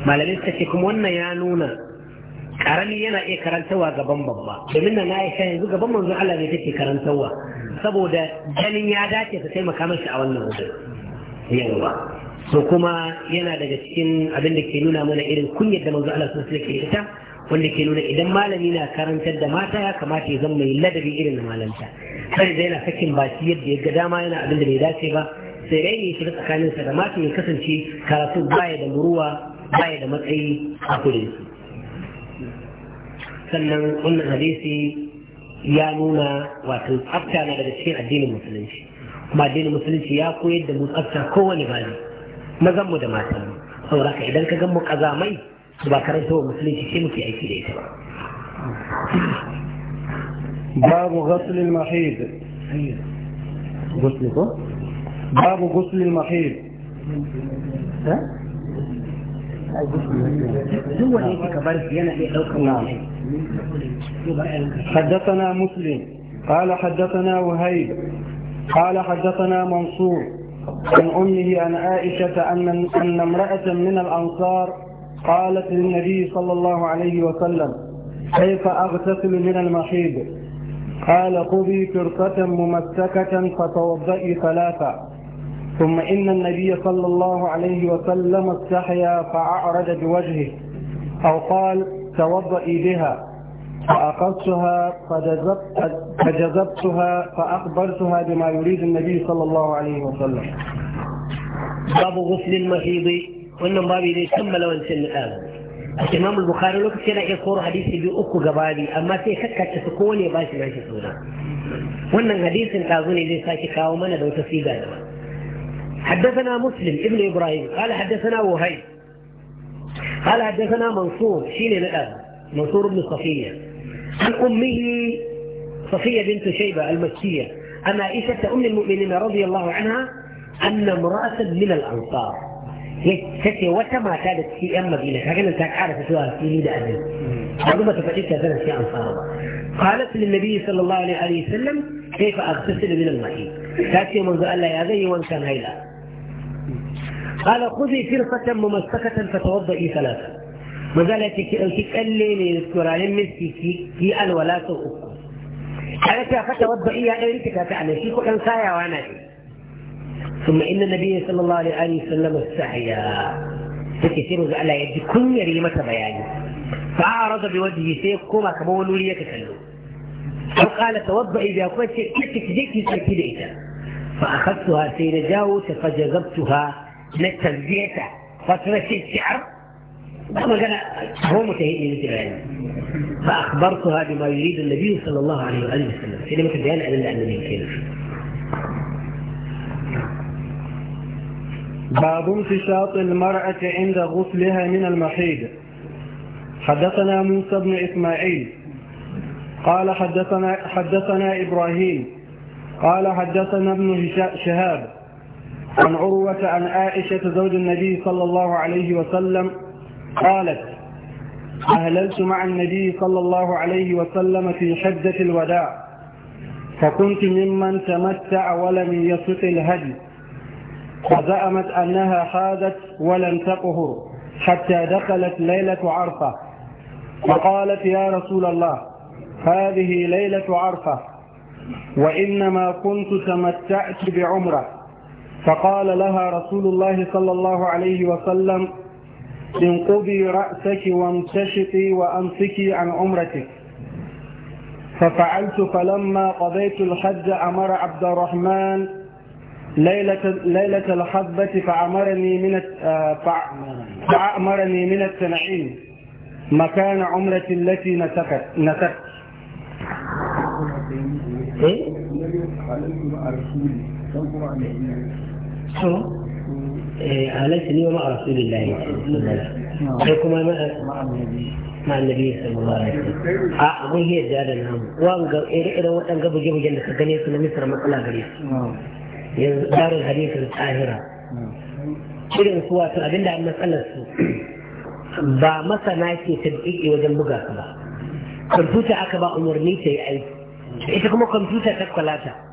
malamai ta ce kuma wannan ya nuna karami yana iya karantawa gaban babba domin na Aisha yanzu gaban manzon Allah ne take karantarwa saboda ganin ya dace ta taimaka mashi a wannan wajen yawa so kuma yana daga cikin abin da ke nuna mana irin kunyar da manzon Allah sun ke ita wanda ke nuna idan malami na karantar da mata ya kamata ya zama mai ladabi irin na malanta sai da yana sakin baki yadda ya ga dama yana abin da bai dace ba sai rai ne shiga tsakaninsa da mata ya kasance karatu baya da muruwa baya da matsayi a kudinsu sannan wannan hadisi ya nuna wato tsafta na daga cikin addinin musulunci kuma addinin musulunci ya koyar da mu tsafta kowane bani mazan mu da matan mu saboda ka idan ka gan mu kazamai to ba karanta wa musulunci sai muke aiki da ita ba باب غسل المحيض غسل باب غسل المحيض ها؟ duk wanda yake kabar yana iya ɗaukar wani حدثنا مسلم قال حدثنا وهيب قال حدثنا منصور عن أمه عن عائشة أن, أن امرأة من الأنصار قالت للنبي صلى الله عليه وسلم كيف أغتسل من المحيض قال خذي فرقة ممسكة فتوضئي ثلاثة ثم إن النبي صلى الله عليه وسلم استحيا فأعرج بوجهه أو قال توضئي بها فأقصتها فجذبتها فأخبرتها بما يريد النبي صلى الله عليه وسلم باب غسل المحيض وانم باب يدي سمل وان سن الإمام البخاري لو كان يقول حديث بي أكو قبالي أما تي كتك تسكوني باش ما يشوفونا. وانم حديث تازوني لي ساكي كاومانا دو تفيدا حدثنا مسلم ابن إبراهيم قال حدثنا وهيب قال حدثنا منصور شيل الأب منصور بن صفية عن أمه صفية بنت شيبة المكية عن عائشة أم المؤمنين رضي الله عنها أن امرأة من الأنصار تتي وتما كانت في أم مدينة لكن أنت عارف شو في ميدا أدن معلومة تفتيتها سنة في أنصار قالت للنبي صلى الله عليه وسلم كيف أغتسل من المحيط تاتي منذ ان يا ذي وان كان هيلا قال خذي فرصة ممسكة فتوضئي ثلاثة ما زال تكلي ليذكر علم مسكي كي الولاة أكو قالت يا توضئي يا إيه انت كاتعني شيكو كان سايا وانا ثم إن النبي صلى الله عليه وسلم استحيا فكثير على يد كل ريمة بياني فأعرض بوجهه سيف كما كما ولولي يتكلم فقال توضئي بها كويس انت كجيكي سيكي فأخذتها سينجاوت فجذبتها للتزكية فترة الشعر ثم قال هو متهيئ للجبال فأخبرتها بما يريد النبي صلى الله عليه وآله وسلم سيدي مثل بيان أنا لأن من كيف باب شاط المرأة عند غسلها من المحيض حدثنا موسى بن إسماعيل قال حدثنا, حدثنا إبراهيم قال حدثنا ابن شهاب عن عروة عن عائشة زوج النبي صلى الله عليه وسلم قالت أهللت مع النبي صلى الله عليه وسلم في حجة الوداع فكنت ممن تمتع ولم يسق الهدي فزعمت أنها حاذت ولم تقهر حتى دخلت ليلة عرفة فقالت يا رسول الله هذه ليلة عرفة وإنما كنت تمتعت بعمره فقال لها رسول الله صلى الله عليه وسلم انقضي رأسك وامتشطي وأمسكي عن عمرتك ففعلت فلما قضيت الحج أمر عبد الرحمن ليلة, ليلة الحبة فأمرني من آه، فأمرني من التنعيم مكان عمرة التي نسكت نسكت إيه؟ Eh, halarta ne wa rasulullahi sai kuma مع النبي صلى الله عليه وسلم اه mun yi yadda da namu wanga irin waɗanga buge-bugen da ka gane su na misra matsala gare su yanzu tsarin hadisin tsahira irin su abinda an matsalar su ba masana ta tabbiƙi wajen buga ka ba kwamfuta aka ba umarni ta yi aiki ita kuma kwamfuta ta kwalata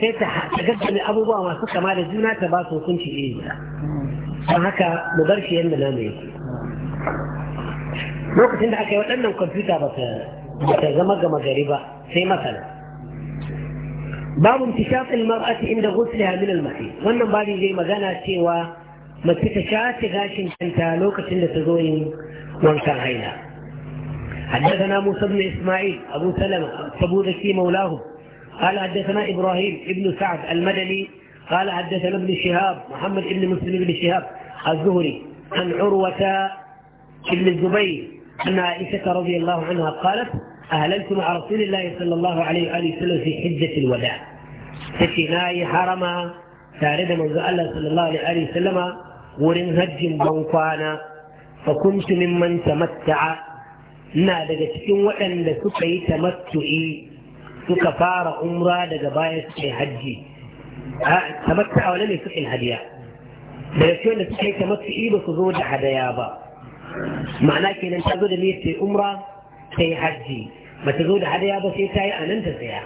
sai ta gaggame abubuwa masu kama da juna ta ba su hukunci iri ba. don haka mu bar shi yadda na mai lokacin da aka yi waɗannan kwamfuta ba ta zama gama gari ba sai masana babu intishaqil mar'ati inda ghusliha min al wannan babu zai magana cewa mace ta shafi gashin kanta lokacin da ta zo yin wankan haila حدثنا موسى بن اسماعيل ابو سلمه سبودكي مولاه قال حدثنا إبراهيم ابن سعد المدني قال حدثنا ابن شهاب محمد ابن مسلم بن شهاب الزهري عن عروة بن الزبير أن عائشة رضي الله عنها قالت أهللت مع رسول الله صلى الله عليه وآله وسلم في حجة الوداع فشناي حرما سارد من الله صلى الله عليه وآله وسلم ورن هج بوقانا فكنت ممن تمتع نا وأن cikin waɗanda suka fara umra daga baya suke hajji tamatta a wani suke hadiya da daga cikin da suke tamattu ba su zo da hadaya ba ma'ana kenan ta zo da niyyar ta umra ta yi hajji ba ta zo da hadaya ba sai ta yi a nan ta tsaya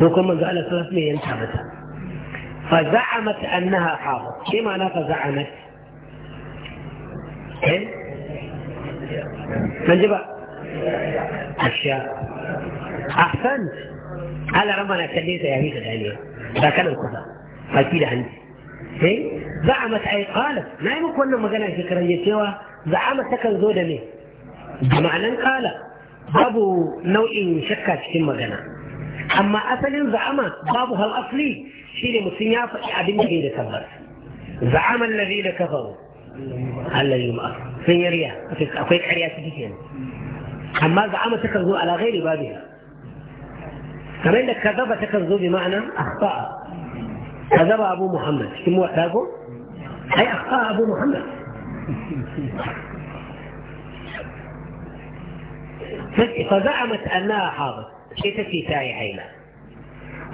ko kuma manzo Allah sallallahu alaihi wasallam ya yanka mata fa za'amat annaha hafa shi ma'ana fa za'amat eh ban ji ba asha ahsan ala rama na kalle sa yayi da dariya ba kanan kusa baki da hanci sai eh? za'amat ay qalat na yi muku wannan magana shekaran ya cewa za'ama takan zo da me da ma'anan qala babu nau'in shakka cikin magana amma asalin za'ama babu hal asli shine mutum ya faɗi abin da bai da tabbas za'ama allazi da kafaru allazi ma sun yariya akwai ƙarya ciki kenan amma za'ama takan zo ala ghairi babiha أما إنك كذب تكذب بمعنى أخطأ كذب أبو محمد كم وثاقه؟ أي أخطأ أبو محمد فزعمت أنها حاضر شئت في تاي عينا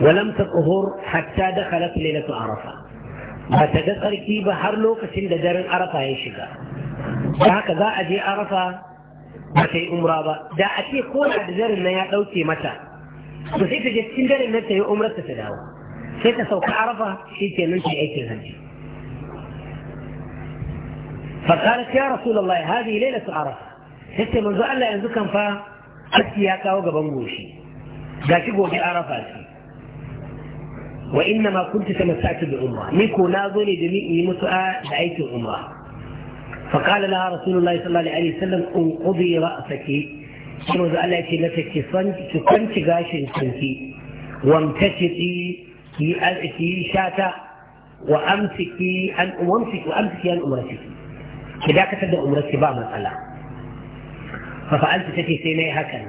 ولم تظهر حتى دخلت ليلة عرفة فتدخل كي بحر لو كسند دار عرفة هي شكا وهكذا أجي عرفة ما في أم رابا دا أتي خون أبزر النياء لو تي متى وحيك جت إن إن أنت يوم رت تداو سيت سوق عرفة شيء من شيء أي كلام فقالت يا رسول الله هذه ليلة عرفة سيت من زعل أن ذكر فا أتياك أو جبنوشي ذاك هو في عرفات وإنما كنت تمسعت بعمرة ميكو ناظني دمئني متعى بأيت عمرة فقال لها رسول الله صلى الله عليه وسلم انقضي رأسك sai manzo Allah yake mata ki san ki kwanci gashin kanki wamtashi ki ki shata wa amsiki an wamsiki wa amsiki an umratiki ki dakatar da umrarki ba matsala fa fa'altu take sai nayi hakan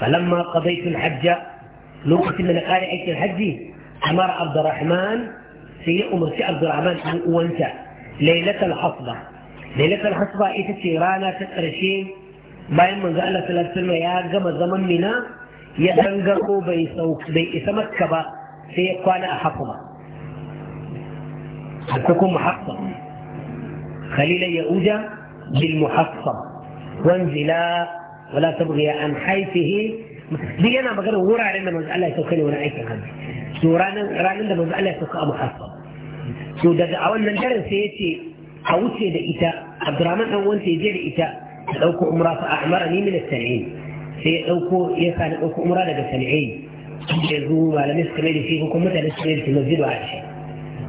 falamma qadaytu al-hajj lokacin da na kare aikin hajji amara abdurrahman sai ya umarci abdurrahman an uwanta lailatul hasba lailatul hasba ita ce rana ta ƙarshe bayan manzo Allah sallallahu alaihi wasallam ya gama zaman mina ya dangaro bai sauka bai isa makka ba sai ya kwana a hakuma hakukum muhaffam khalilan ya'uja bil muhaffam wanzila wala tabghi an hayfihi duk yana maganar wuraren da manzo Allah ya sauka ne wani aikin hajji to ranar ranar da manzo Allah ya sauka a muhaffam to daga a wannan daren sai yace a wuce da ita Abdurrahman dan wanda ya je da ita da ɗauko umra fa Amara ni min as-sam'in sai ya ɗauko ya sa ɗauko umra daga sam'in ya zo malamai suka mai da shi kuma mutane suka mai da shi masjidu aisha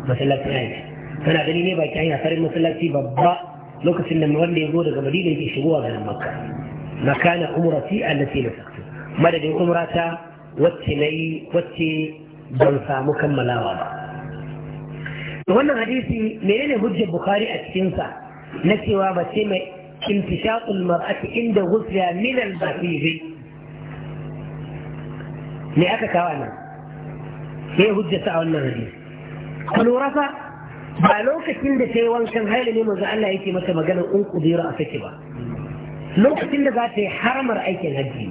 masallacin aisha kana gani ne baki hanya farin masallaci babba lokacin da wanda ya zo daga madina yake shigowa garin makka makana umrati allati nasaktu madadin umrata wacce nayi wacce ban samu kammalawa ba wannan hadisi menene hujjar bukhari a cikinsa na cewa mace mai انتشاء المرأة عند غسلها من البخيل لأكا كوانا هي هجة أو النهدي قالوا رفع قالوا كتن ده شيء وان كان هاي لنيمو زعل الله ايتي مثل ما قالوا انقو ديرا أفكبا لو كتن ده ذاتي حرم رأيك الهجي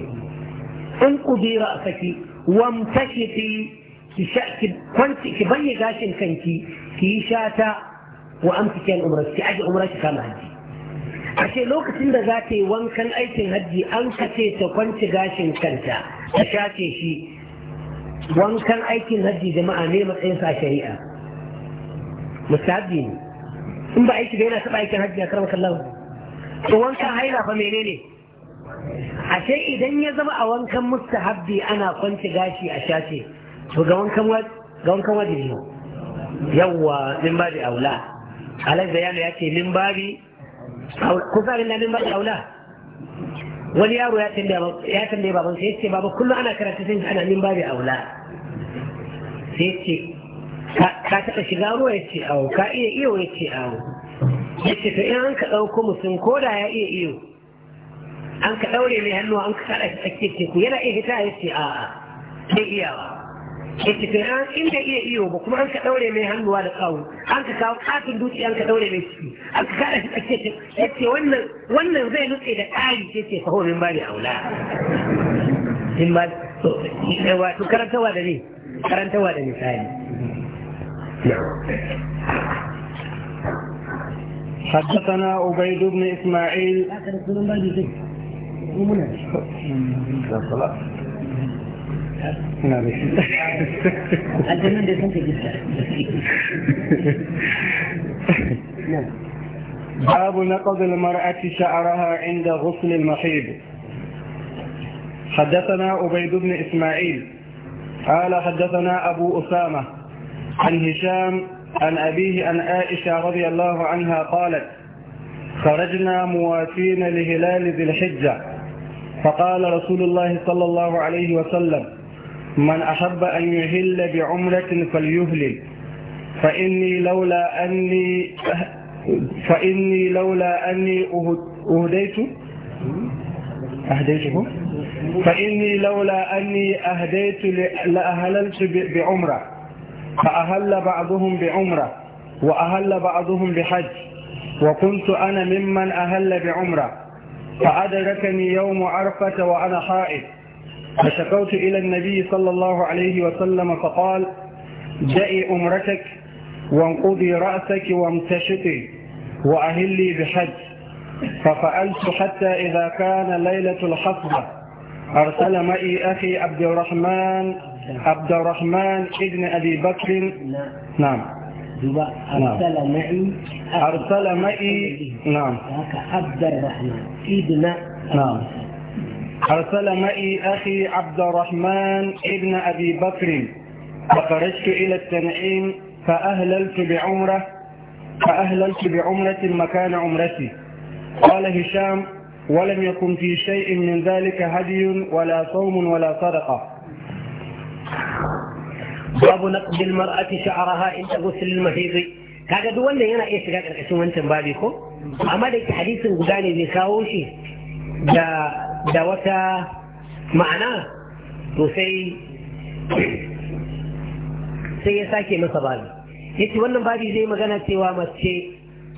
انقو ديرا أفكي وامتشتي كشاك كنت كبني غاشن كنتي كيشاتا وامتكين عمرك كأجل عمرك كان هجي ashe lokacin da za ta yi wankan aikin hajji an kace ta kwanci gashin kanta ta shafe shi wankan aikin hajji jama'a ne matsayin sa shari'a mustahabbi ne in ba aiki da yana taɓa aikin hajji a karamar kallon to wankan haila fa menene ashe idan ya zama a wankan mustahabbi ana kwanci gashi a shafe to ga wankan wajibi yawwa min da aula alai bayanu ya ce min babi kusa illa min ba'da aula wani yaro ya tambaye baban Ya ce babu kullum ana karanta sai ana min babi aula sai ce ka taɓa shiga ruwa ya ce awo ka iya iyo ya ce awo Ya ce to in an ka ɗauko musu ko da ya iya iyo an ka ɗaure mai hannuwa an ka kaɗa shi tsakiyar ku. yana iya fita yace a'a sai iyawa istifiran in bai iya iyo ba kuma an ka daure mai hannuwa da kawo an ka kawo katin dutse an ka daure mai ciki an ka kada shi ake yace wannan wannan zai nutse da ƙari ce ce faho min bani aula in ba to wato karantawa da ne karantawa da misali حدثنا عبيد بن اسماعيل نعم الجنان دي جدا باب نقض المرأة شعرها عند غسل المحيض حدثنا عبيد بن إسماعيل قال حدثنا أبو أسامة عن هشام عن أبيه عن عائشة رضي الله عنها قالت خرجنا مواسين لهلال ذي الحجة فقال رسول الله صلى الله عليه وسلم من أحب أن يهل بعمرة فليهلل فإني لولا أني فإني لولا أني أهديت أهديته فإني لولا أني أهديت لأهللت بعمرة فأهل بعضهم بعمرة وأهل بعضهم بحج وكنت أنا ممن أهل بعمرة فأدركني يوم عرفة وأنا حائط فشكوت إلى النبي صلى الله عليه وسلم فقال دعي أمرتك وانقضي رأسك وامتشطي وأهلي بحج ففعلت حتى إذا كان ليلة الحصبة أرسل معي أخي عبد الرحمن عبد الرحمن ابن أبي بكر نعم أرسل معي أرسل معي نعم عبد الرحمن ابن نعم أرسل معي أخي عبد الرحمن ابن أبي بكر فخرجت إلى التنعيم فأهللت بعمرة فأهللت بعمرة مكان عمرتي قال هشام ولم يكن في شيء من ذلك هدي ولا صوم ولا صدقة باب نقد المرأة شعرها عند غسل المحيض kaga duk wannan yana iya shiga karkashin wancan babi ko amma da yake hadisin guda ne kawo shi da da wata ma'ana to sai sai ya sake masa babi yace wannan babi zai magana cewa mace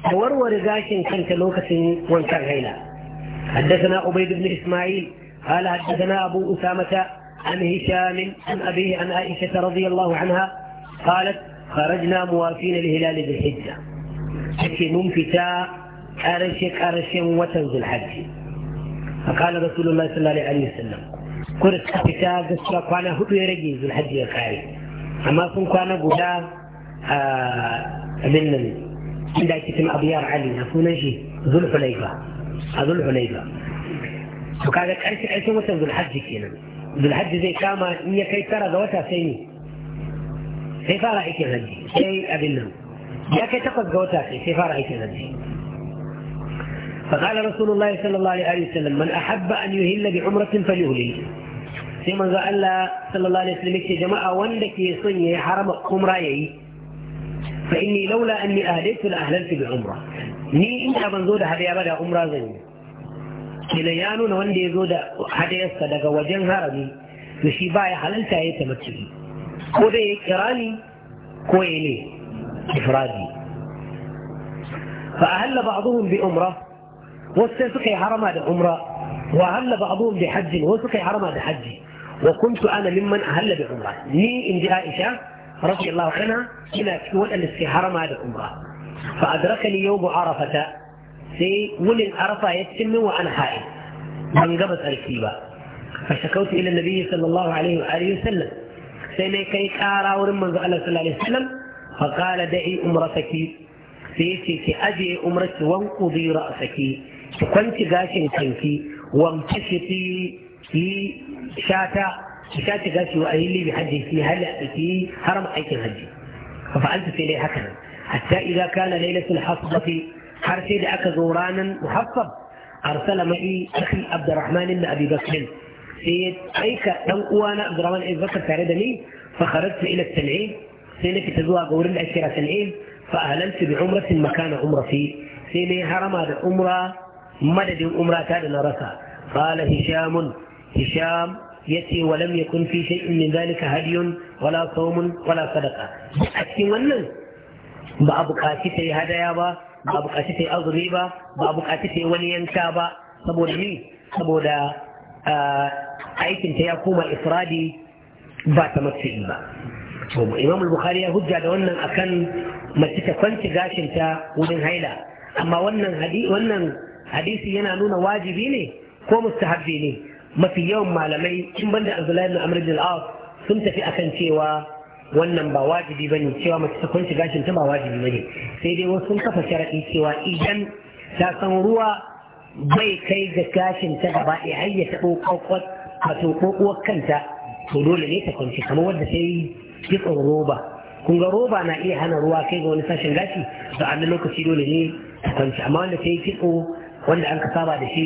ta warware gashin kanta lokacin wankan haila حدثنا عبيد بن اسماعيل قال حدثنا ابو اسامه عن هشام عن ابيه عن عائشه رضي الله عنها قالت خرجنا موافين لهلال ذي الحجه. حكي منفتا ارشك ارشم وتنزل حجي. فقال رسول الله صلى الله عليه وسلم كرت فتا قصرا كوانا هدو يرجي ذو الحج يكاري أما كن كوانا قدا أبنن آه، عند كتم أبيار علي أكون نجي ذو الحليبة ذو الحليبة وكذا كأنت أنت مثلا ذو الحج كينا ذو الحج زي كاما إن يكي ترى ذواتا سيني كيف رأيك يا غدي؟ أي أبنن يا كي تقف ذواتا سيني رأيك يا فقال رسول الله صلى الله عليه وسلم من أحب أن يهل بعمرة فليهلل ثم قال صلى الله عليه وسلم يا جماعة وندك يصني حرم عمرة إيه؟ فإني لولا أني أهديت لأهللت بعمرة ني إن أبن زود هذه أبدا عمرة زيني كلا يانون وندي زود هذه يستدق وجن هرمي باي حللت أي تمتعي كودي إكراني كويني إفرادي فأهل بعضهم بأمره وسكي حرم هذا العمرة وأهل بعضهم بحج وسقي حرم هذا حج وكنت أنا ممن أهل بعمرة لي عند عائشة رضي الله عنها إلى كون أن السي حرم هذا العمرة فأدركني يوم عرفة في ولن عرفة يتم وأنا حائل من قبض الكتيبة فشكوت إلى النبي صلى الله عليه وآله وسلم سيني كي كارا ورمز على صلى الله عليه وسلم فقال دعي أمرتك في أجي أمرك وانقضي رأسك ki kwanci gashin kanki wamtashiti ki shata ki shata gashi wa ayyili bi hajji ki hal ki haram aikin hajji fa fa'altu sai dai haka nan hatta idza kana lailatul hasbati har sai da aka zo ranan muhassab arsala ma'i akhi abdurrahman ibn abi bakr sai aika dan uwana abdurrahman ibn bakr tare da ni fa kharajtu ila tan'im sai nake ta zuwa ga wurin da ake kira tan'im fa ahlaltu bi umratin makana umrati sai ne harama da umra مدد أمرا كان رسا قال هشام هشام يتي ولم يكن في شيء من ذلك هدي ولا صوم ولا صدقة أكي ونن بابو قاتتي هدايا با بابو قاتتي أغري با بابو قاتتي ولينكا با سبو دمي سبو دا آه تيقوم إفرادي با تمثل با إمام البخاري هجا دونن أكن ما تتكونت غاشن تا ودن هيلا أما ونن هدي ونن hadisi yana nuna wajibi ne ko mustahabbi ne mafi yawan malamai in banda Abdullahi ibn Amr bin al sun tafi akan cewa wannan ba wajibi bane cewa mace ta kunci gashin ta ba wajibi bane sai dai wasu sun kafa sharadi cewa idan ta san ruwa bai kai ga gashin ta gaba ɗaya har ya taɓo kwakwat wato kokuwar kanta to dole ne ta kunci kamar wanda ta yi kitson roba kun ga roba na iya hana ruwa kai ga wani sashen gashi da a lokaci dole ne ta kwanci amma wanda ta yi kitso wanda an saba da shi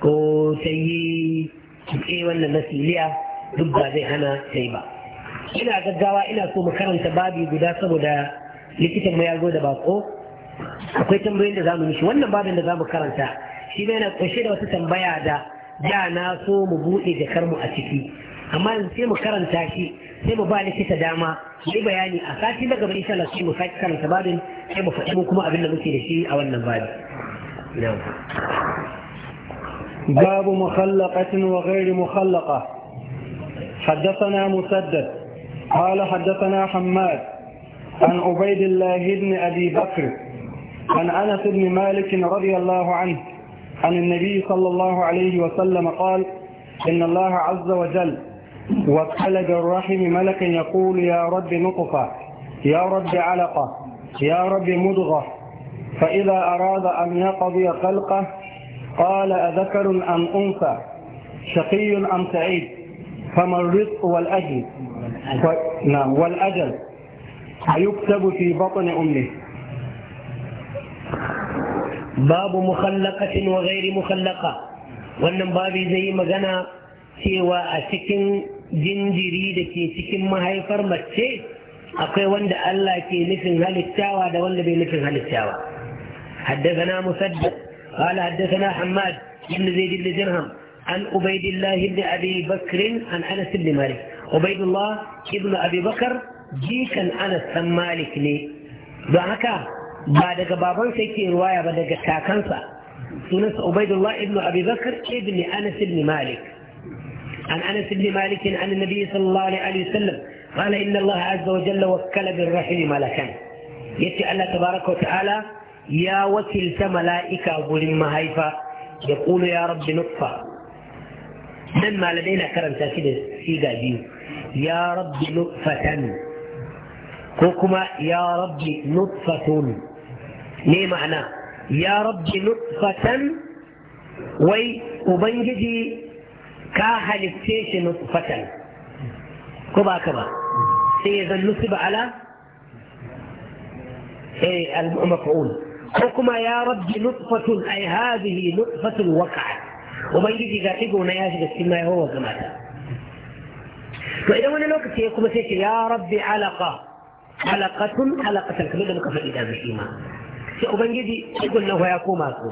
ko ta yi tuke wannan na duk ba zai hana ta yi ba ina gaggawa ina so mu karanta babi guda saboda likitan mu ya zo da bako akwai tambayoyin da zamu mishi wannan babin da zamu karanta shi ne yana kunshe da wata tambaya da da na so mu buɗe jakar mu a ciki amma sai mu karanta shi sai mu ba likita dama yi bayani a sati na gaba insha Allah sai mu sake karanta babin sai mu faɗi mu kuma abin da muke da shi a wannan babin نعم. باب مخلقة وغير مخلقة حدثنا مسدد قال حدثنا حماد عن عبيد الله بن أبي بكر عن أنس بن مالك رضي الله عنه عن النبي صلى الله عليه وسلم قال إن الله عز وجل وكل بالرحم ملكا يقول يا رب نطفة يا رب علقة يا رب مضغة فإذا أراد أن يقضي خلقه قال أذكر أم أنثى شقي أم سعيد فما الرزق والأجل و... نعم والأجل فيكتب في بطن أمه باب مخلقة وغير مخلقة wannan babi zai yi magana cewa a cikin jinjiri da ke cikin mahaifar mace akwai wanda Allah ke nufin halittawa da wanda bai nufin halittawa حدثنا مسدد قال حدثنا حماد بن زيد بن درهم عن عبيد الله بن أبي بكر عن أنس بن مالك عبيد الله ابن أبي بكر جيكا أنس بن مالك لي دعك بعد بابان سيكي رواية بعد كاكنسا سنس عبيد الله ابن أبي بكر ابن أنس بن مالك عن أنس بن مالك عن النبي صلى الله عليه وسلم قال إن الله عز وجل وكل بالرحم ملكا يتي الله تبارك وتعالى يا وكلت ملائكة قولي ما يقول يا رب نطفة من لدينا كرم تاكيد في قابيو يا رب نطفة كوكما يا رب نطفة ليه معنى يا رب نطفة وي وبنجدي كاهل التيش نطفة كوبا كبا سيذا نصب على ايه المفعول حكم يا ربي نطفة أي هذه نطفة وقع وما يجي ذاتك ونياش بس هو زمانه فإذا وانا الوقت يقوم يا ربي علقة علقة علقة الكبيرة لك في الإدامة إيمان سأبن جدي يقول له يقوم أكو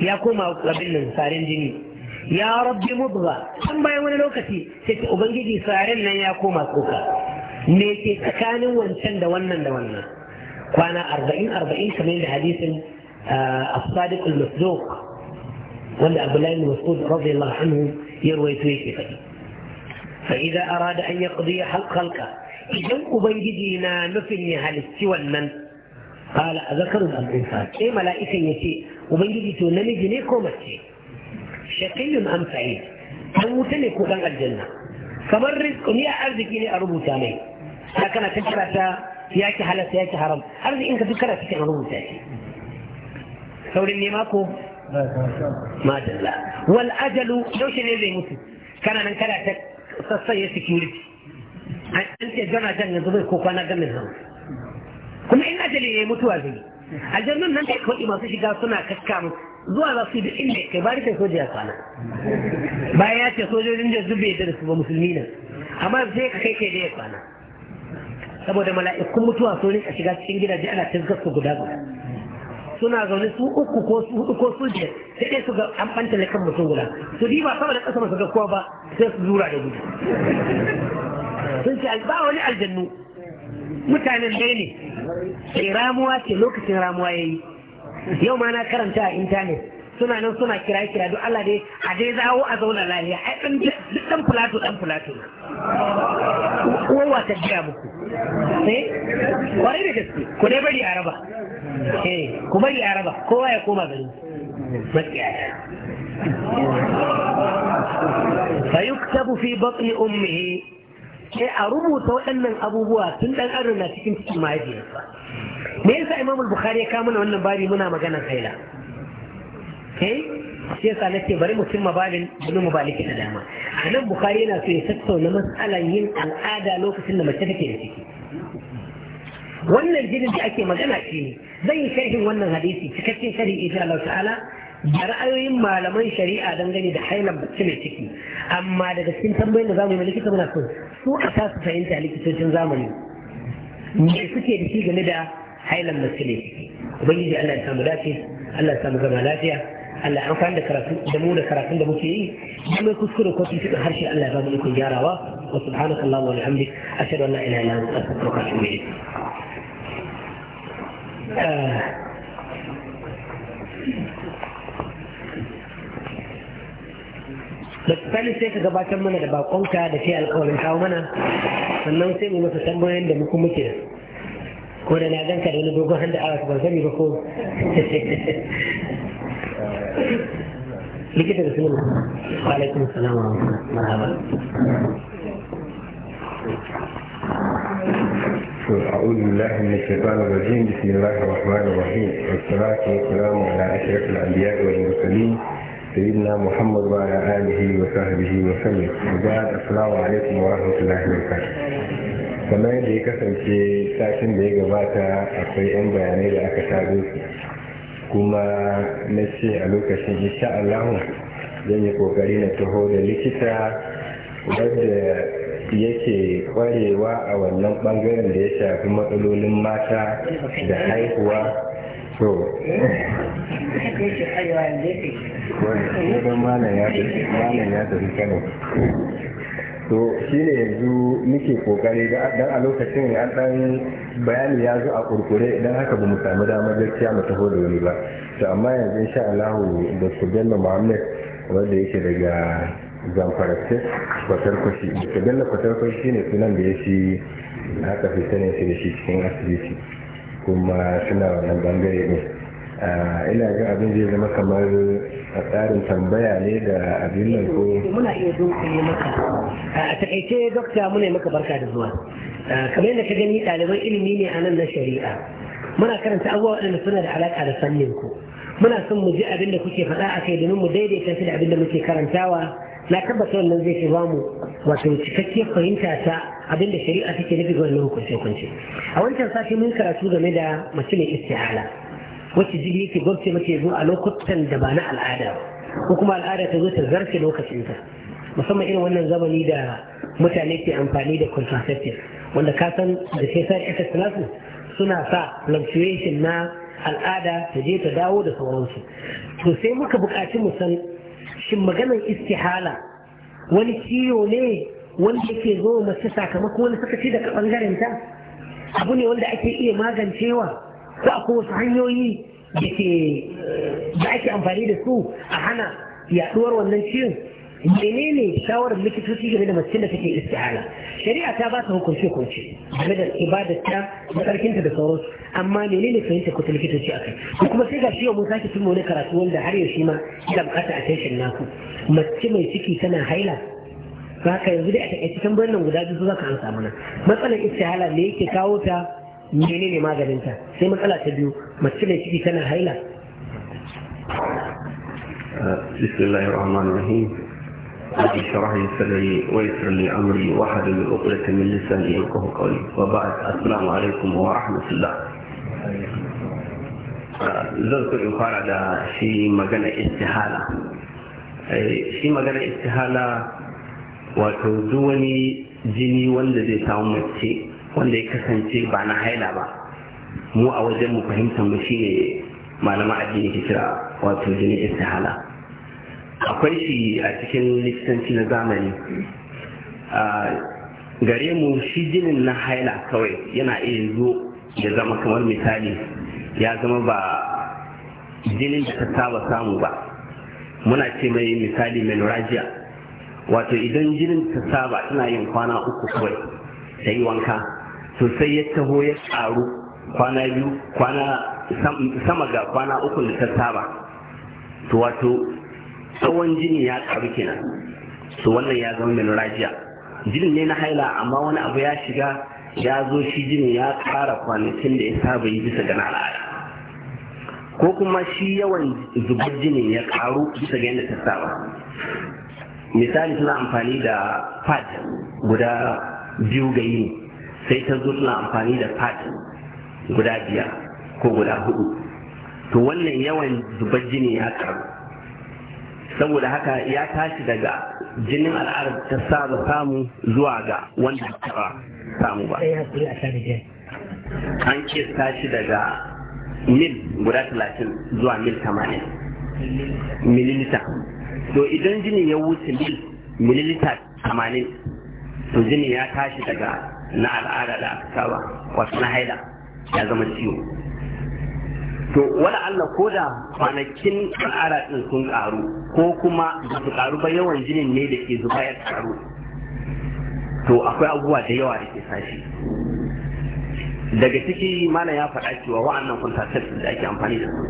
يقوم أكو لبن سارين جني يا ربي مضغة ثم يقول الوقت سأبن جدي سارين لن يقوم أكو نيتي تكاني وانشند وانند وانند كان 40 40 سنين لحديث آه، الصادق المصدوق ولا عبد الله بن مسعود رضي الله عنه يروي في كتابه فإذا أراد أن يقضي حق خلقه إذا أبيدينا نفني هل سوى من قال أذكر أم إنسان اي ملائكة يتي وبنجي تونني جنيكو مكي شقي أم سعيد أموتني كوكان الجنة فمن رزق يا ارزقني اربو سامي لكن mai ya ki yake ya har da in ka duk kana cikin rubuta shi saurin ne mako, madalla wal ajalu yaushe ne zai mutu kana nan kana ta sassaye security an ce gana jan yanzu bai ko kwana gane zama kuma in ajali ne mutuwa zai aljannun nan da kwaɗi masu shiga suna kakkamu zuwa za su yi da inda kai bari kai soja ya kwana bayan ya ce sojojin da zube da su ba musulmi nan amma sai ka kai kai da ya kwana saboda mala'ikun mutuwa sun rinka shiga cikin gidaje ana tazgar su guda guda suna zaune su uku ko su hudu ko su biyar sai dai su ga an banta ne kan mutum guda su diba sama da ƙasa ba su ga kowa ba sai su zura da gudu sun ce ba wani aljannu mutanen dai ne sai ramuwa ce lokacin ramuwa ya yi yau ma na karanta a intanet suna nan suna kira kira duk Allah dai a dai zawo a zauna lafiya ai dan dan fulato dan fulato kowa ta gaya muku Eh? kwarai da gaske ku dai bari a raba eh, a kowa ya koma gari a rubuta waɗannan abubuwa tun ɗan arin na cikin cikin mahaifiyarsa me yasa imamul bukhari ya kawo mana wannan bari muna magana kaila kai shi yasa nake bari mutum mabalin bari mabaliki da dama a nan bukari yana so ya tattauna matsalan yin al'ada lokacin da mace take da ciki wannan jinin da ake magana shi ne zan yi sharhin wannan hadisi cikakken sharhi insha Allah ta'ala da ra'ayoyin malaman shari'a dangane da hailan mace mai ciki amma daga cikin tambayoyin da zamu yi likita muna so su a tasu fahimta likitocin zamani me suke da shi game da hailan mace mai ciki ubangiji Allah ya samu dace Allah ya samu zama lafiya Allah amfani da karatu da mu da karatun da muke yi duk mai kuskure ko tuntuɓe harshe Allah ya ba mu ikon gyarawa wa subhanaka Allahumma wa bihamdik ashhadu an la ilaha illa anta astaghfiruka wa atubu ilayk ah. da tsali sai ka gabatar mana da bakonka da sai alkawarin kawo mana sannan sai mu masa tambayoyin da muku muke ko da na ganka da wani dogon handa awa ban sani ba ko *laughs* likita da sunan alaikum salam wa marhaba أعوذ بالله من الشيطان الرجيم بسم الله الرحمن الرحيم والصلاة والسلام على أشرف الأنبياء والمرسلين سيدنا محمد وعلى آله وصحبه وسلم وبعد السلام عليكم ورحمة الله وبركاته kamar yadda ya kasance satin da ya gabata akwai 'yan bayanai da aka sabo su kuma na ce a lokacin isa Allahun zan yi kokari na taho da likita wadda yake kwarewa a wannan bangaren da ya shafi matsalolin mata da haihuwa so ya ya to shi shine yanzu muke kokari dan a lokacin an dan bayani ya zo a kurkure idan haka ba mu samu damar gaskiya mu taho da wani ba to amma yanzu insha Allah da su Bello Muhammad wanda yake daga Zamfara kwatar kwashi da Bello Kwatarkwashi shine sunan da ya shi haka fitanin shi da shi cikin asibiti kuma suna wannan bangare ne ina ga abin zai zama kamar a tsarin tambaya ne da abin nan ko muna iya dunkule maka a takaice dokta muna maka barka da zuwa kamar yadda ka gani ɗaliban ilimi ne a nan na shari'a muna karanta abubuwa waɗanda suna da alaƙa da fannin ku muna son mu ji abin da kuke faɗa a kai domin mu daidaita shi da abin da muke karantawa na tabbata wannan zai fi bamu wato cikakkiyar fahimta ta abin da shari'a take nufi ga wannan hukunce-hukunce a wancan sashi mun karatu game da mace mai isti'ala wacce jini yake gwamce mace zo a lokutan da ba na al'ada ko kuma al'ada ta zo ta zarce lokacinta musamman irin wannan zamani da mutane ke amfani da contraceptive wanda ka san da sai sa ita classes suna sa fluctuation na al'ada ta je ta dawo da sauransu to sai muka buƙaci mu san shin maganar istihala wani ciwo ne wanda yake zo mace sakamako wani sakaci daga bangaren ta abu ne wanda ake iya magancewa ko akwai wasu hanyoyi da ke da ake amfani da su a hana yaduwar wannan ciwon menene shawarar likitoci game da mace da take istihala shari'a ta ba ta hukunci hukunce game da ibadarta da tsarkinta da sauransu amma menene fahimta ku ta likitoci a kai ko kuma sai ga shi mun sake cimma wani karatu wanda har yaushe ma ina bukata attention naku mace mai ciki tana haila za ka yanzu dai a takaice tambayoyin nan guda biyu za ka ansa mana matsalar istihala ne yake kawo ta menene maganinta sai matsala ta biyu mace da ciki tana haila بسم الله الرحمن ne رب اشرح لي صدري ويسر لي امري واحلل ya من لساني يفقهوا قولي وبعد السلام عليكم wa الله zan so in fara da shi magana istihala eh, shi magana istihala wato duk wani jini wanda zai samu mace wanda ya kasance ba na haila ba mu a wajen mu fahimtar mu shine malaman addini ke kira wato jini istihala akwai shi a cikin likitanci na zamani gare mu shi jinin na haila kawai yana iya zo ya zama kamar misali ya zama ba jinin da ta saba samu ba muna ce mai misali menorrhagia wato idan jinin ta saba tana yin kwana uku kawai ta yi wanka to sai ya taho ya tsaro kwana biyu kwana sama ga kwana uku da ta saba to wato tsawon jini ya karu kenan to wannan ya zama rajiya. jinin ne na haila amma wani abu ya shiga ya zo shi jinin ya kara kwanakin da ya saba yi bisa ga al'ada ko kuma shi yawan zubar jinin ya karu bisa ga yadda ta saba misali suna amfani da pad guda biyu ga yini sai ta zo tana amfani da fadi guda biyar ko guda hudu to wannan yawan zubar jini ya karu saboda haka ya tashi daga jinin al'adar ta saba samu zuwa ga wanda ta samu ba an ce tashi daga mil guda talatin zuwa mil tamanin mililita to idan jini ya wuce mil mililita tamanin to jini ya tashi daga na al'ada da aka saba wato na haila ya zama ciwo to wala Allah ko da kwanakin al'ada din sun karu ko kuma ba su karu ba yawan jinin ne da ke zuba ya karu to akwai abubuwa da yawa da ke sashi daga ciki mana ya faɗa cewa wa'annan contraceptives da ake amfani da su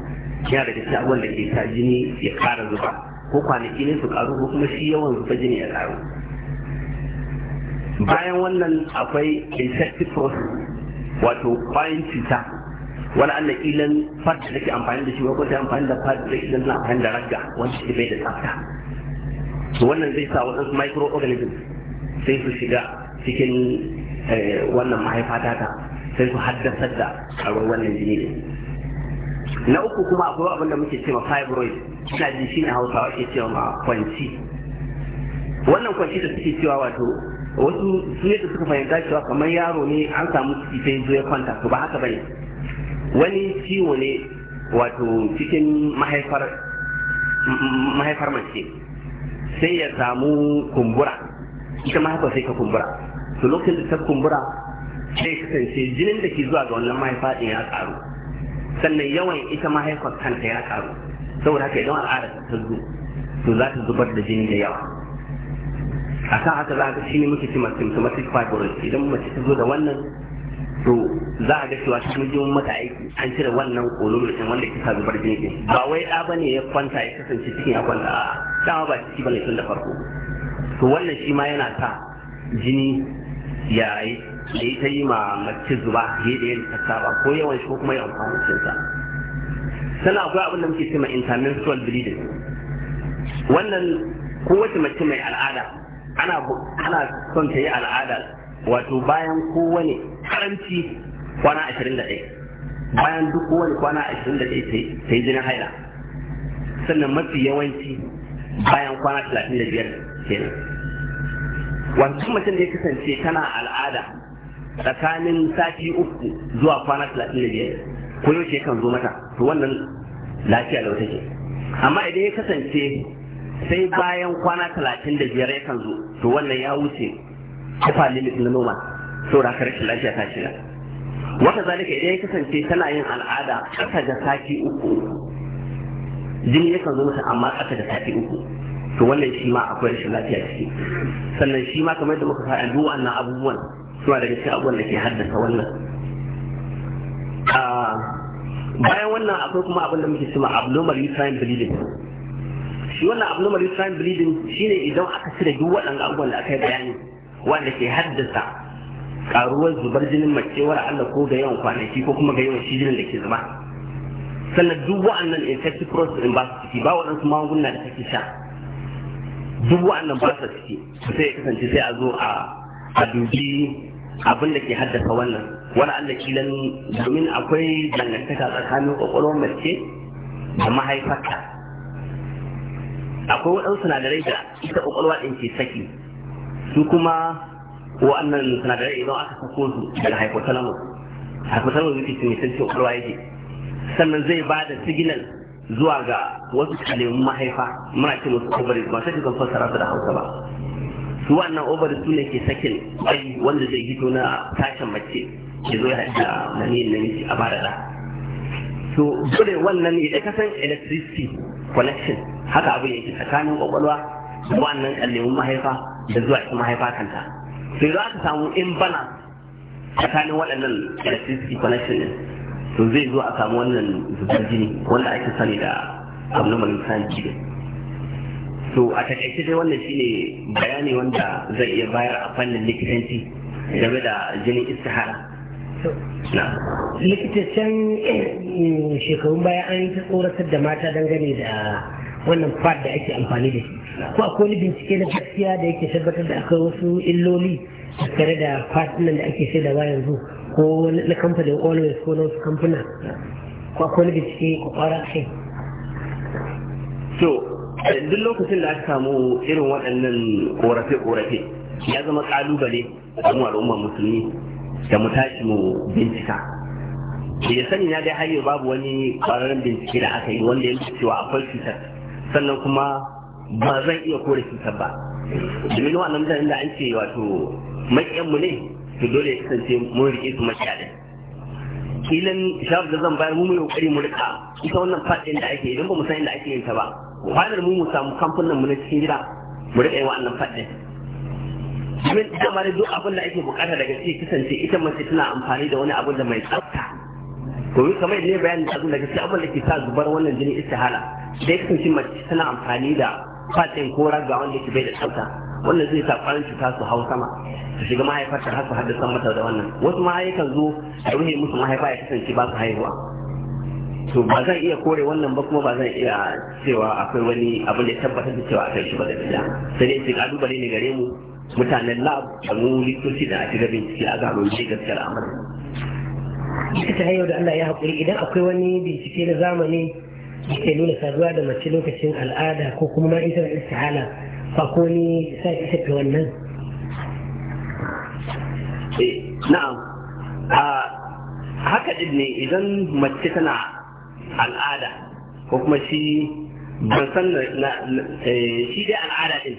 yana daga cikin abubuwan da ke sa jini ya ƙara zuba ko kwanaki ne su karu ko kuma shi yawan zuba jini ya karu. bayan wannan akwai insectic wato kwayan cuta wani allah ilan fat da ke amfani da shi ko ta amfani da fat da ilan na amfani da ragga wani shi bai da tsafta to wannan zai sa waɗansu microorganism sai su shiga cikin eh, wannan mahaifa ta sai su haddasa da karuwar wannan jini ne na uku kuma akwai abin da muke cewa fibroid ina ji shi ne hausawa ke cewa kwanci wannan kwanci da suke cewa wato wasu su yadda suka fahimta cewa kamar yaro ne an samu ciki sai zo ya kwanta to ba haka bane wani ciwo ne wato cikin mahaifar mahaifar mace sai ya samu kumbura ita mahaifar sai ka kumbura to lokacin da ta kumbura sai kasance jinin da ke zuwa ga wannan mahaifa din ya karu sannan yawan ita mahaifar kanta ya karu saboda haka idan al'ada ta zo to za ta zubar da jini da yawa a kan haka za a ga shi ne muke cima symptomatic fibroid idan mace ta zo da wannan to za a ga cewa shi mun jimin mata aiki an cire wannan kolon ɗin wanda ke sa zubar jini ba wai ɗa bane ya kwanta ya kasance cikin ya kwanta a dama ba ciki bane tun da farko to wannan shi ma yana sa jini ya yi ta yi ma mace zuba ya da yadda ta saba ko yawan shi ko kuma yawan kwanciyarsa sannan akwai abin da muke cema intermenstrual bleeding wannan kowace mace mai al'ada ana ana son ta yi al'ada wato bayan kowane karanci kwana 21 bayan duk kowane kwana 21 ta yi jinin haila sannan mafi yawanci bayan kwana 35 kenan wancan mutum da ya kasance tana al'ada tsakanin sati uku zuwa kwana 35 ko yaushe kan zo mata to wannan lafiya lau ke amma idan ya kasance sai bayan kwana talatin da biyar yakan zo to wannan ya wuce kafa limit na noma saboda haka rashin lafiya ta shiga wata zalika idan ya kasance tana yin al'ada ƙasa da sati uku jini yakan zo mata amma ƙasa da sati uku to wannan shi ma akwai rashin lafiya ciki sannan shi ma kamar da muka faɗa duk wannan abubuwan suna daga cikin abubuwan da ke haddasa wannan ah, bayan wannan akwai kuma abin da muke cewa abnormal uterine bleeding shi wannan abnormal uterine bleeding shine idan aka cire duk waɗanda abubuwan da aka yi bayani wanda ke haddasa karuwar zubar jinin mace wa Allah ko ga yawan kwanaki ko kuma ga yawan shi jinin da ke zuba sannan duk wa'annan infective process in ba su ciki ba waɗansu magunguna da take sha duk wa'annan ba su ciki sai ya kasance sai a zo a dubi abin da ke haddasa wannan wani Allah kilan domin akwai dangantaka tsakanin kwakwalwar mace da mahaifarta akwai waɗansu sinadarai da ita ƙwaƙwalwa ɗin ke saki su kuma wa'annan sinadarai idan aka sako su daga hypothalamus hypothalamus yake su nisan ce ƙwaƙwalwa yake sannan zai ba da signal zuwa ga wasu kalemun mahaifa muna ce musu ovaries ba sai kan fassara su da hausa ba su wannan ovaries su ne ke sakin ƙwai wanda zai hito na tashin mace ke zo ya haɗa maniyin namiji a bada da to dole wannan ne ka san electricity connection haka abu yake tsakanin kwakwalwa da wannan kallemin mahaifa da zuwa ita mahaifa kanta sai za ka samu imbalance tsakanin waɗannan electricity connection din to zai zo a samu wannan zubar jini wanda ake sani da abnormal sign jini. to a takaice dai wannan shine bayani wanda zai iya bayar a fannin likitanci game da jinin istihara likitaccen eh, shekarun baya an yi ta tsoratar da mata dangane da wannan fad da ake amfani da shi ko akwai wani bincike na gaskiya da yake tabbatar da akwai wasu illoli tare da fad nan da ake shaidawa yanzu ko na kamfanin always ko na wasu kamfuna ko akwai wani bincike ko kwara kai so eh, duk lokacin da aka samu irin waɗannan korafe-korafe ya zama ƙalubale a al'ummar musulmi da mu tashi mu bincika da ya sani na dai har babu wani ƙwararren bincike da aka yi wanda ya nuna cewa akwai cutar sannan kuma ba zan iya kore cutar ba domin wannan mutanen da an ce wato maƙiyanmu ne to dole ya kasance mun riƙe su maƙiya kilan shafi da zan bayar mu mai kokari mu rika ita wannan fadin da ake idan ba mu san inda ake yin ta ba kwanar mu mu samu kamfanin mu na cikin gida mu rika yi wannan fadin domin dama da duk abin da ake bukata daga ce kasance ita mace tana amfani da wani abin da mai tsafta yi kamar ne bayanin da daga ce abin da ke sa zubar wannan jini istihala da ya kasance mace tana amfani da fatin ko raga wanda ke bai da tsafta wannan zai sa kwarin cuta su hau sama su shiga mahaifarta har su haddasa mata da wannan wasu mahaifan zo a ruhe musu mahaifa ya kasance ba su haihuwa to ba zan iya kore wannan ba kuma ba zan iya cewa akwai wani abin da tabbatar da cewa akai shi ba da sai dai su ne gare mu mutanen lab da mu likitoci da a gabin bincike a gano shi gaskiyar amurka ita ta hanyar da Allah ya haƙuri idan akwai wani bincike na zamani da ke nuna saduwa da mace lokacin al'ada ko kuma ma isa da istihala ba ko ni sa isa fi wannan eh, na'am haka din ne idan mace tana al'ada ko kuma shi ban san na eh, shi dai al'ada din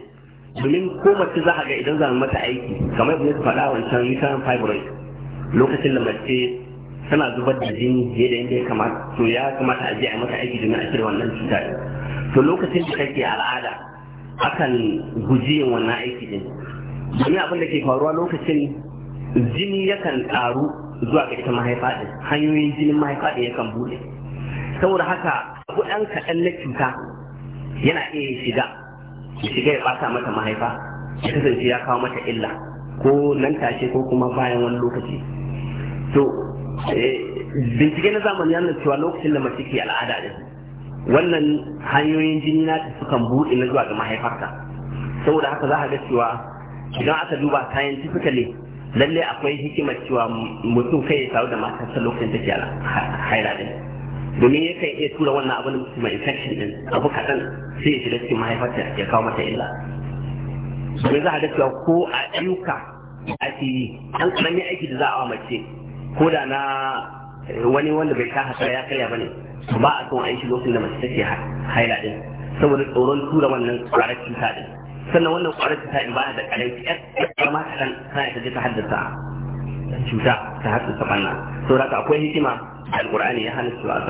domin ko mace za a ga idan za mata aiki kamar yadda faɗa wancan uterine fibroid lokacin da mace tana zubar da jini fiye da yadda ya kamata to ya kamata a je a mata aiki domin a cire wannan cuta to lokacin da kake al'ada akan guji yin wannan aiki din domin abin da ke faruwa lokacin jini yakan ƙaru zuwa ga ita mahaifa din hanyoyin jinin mahaifa din yakan buɗe saboda haka abu ɗan kaɗan na cuta yana iya shiga ya shiga ya ɓata mata mahaifa ya kasance ya kawo mata illa ko nan tashe ko kuma bayan wani lokaci to eh, bincike na zamani ya nuna cewa lokacin da mace ke al'ada ne wannan hanyoyin jini na ta sukan buɗe na zuwa ga mahaifarta saboda haka za a ga cewa idan aka duba kayan tifikali lalle akwai hikimar cewa mutum kai ya saru da matarsa lokacin take ke haila din domin yakan iya tura wannan abin mai infection din abu kaɗan sai ya shiga cikin mahaifarta ya kawo mata illa domin za a da cewa ko a ayyuka a fili an karami aiki da za a mace ko da na wani wanda bai kaha ya karya ba ne ba a son a yi lokacin da mace take haila din saboda tsoron tura wannan ƙwarar cuta din sannan wannan ƙwarar cuta in ba da ƙarfi ya ƙarama kaɗan ta ita ta haddasa cuta ta haddasa ɓanna saboda akwai hikima alƙur'ani ya hana su a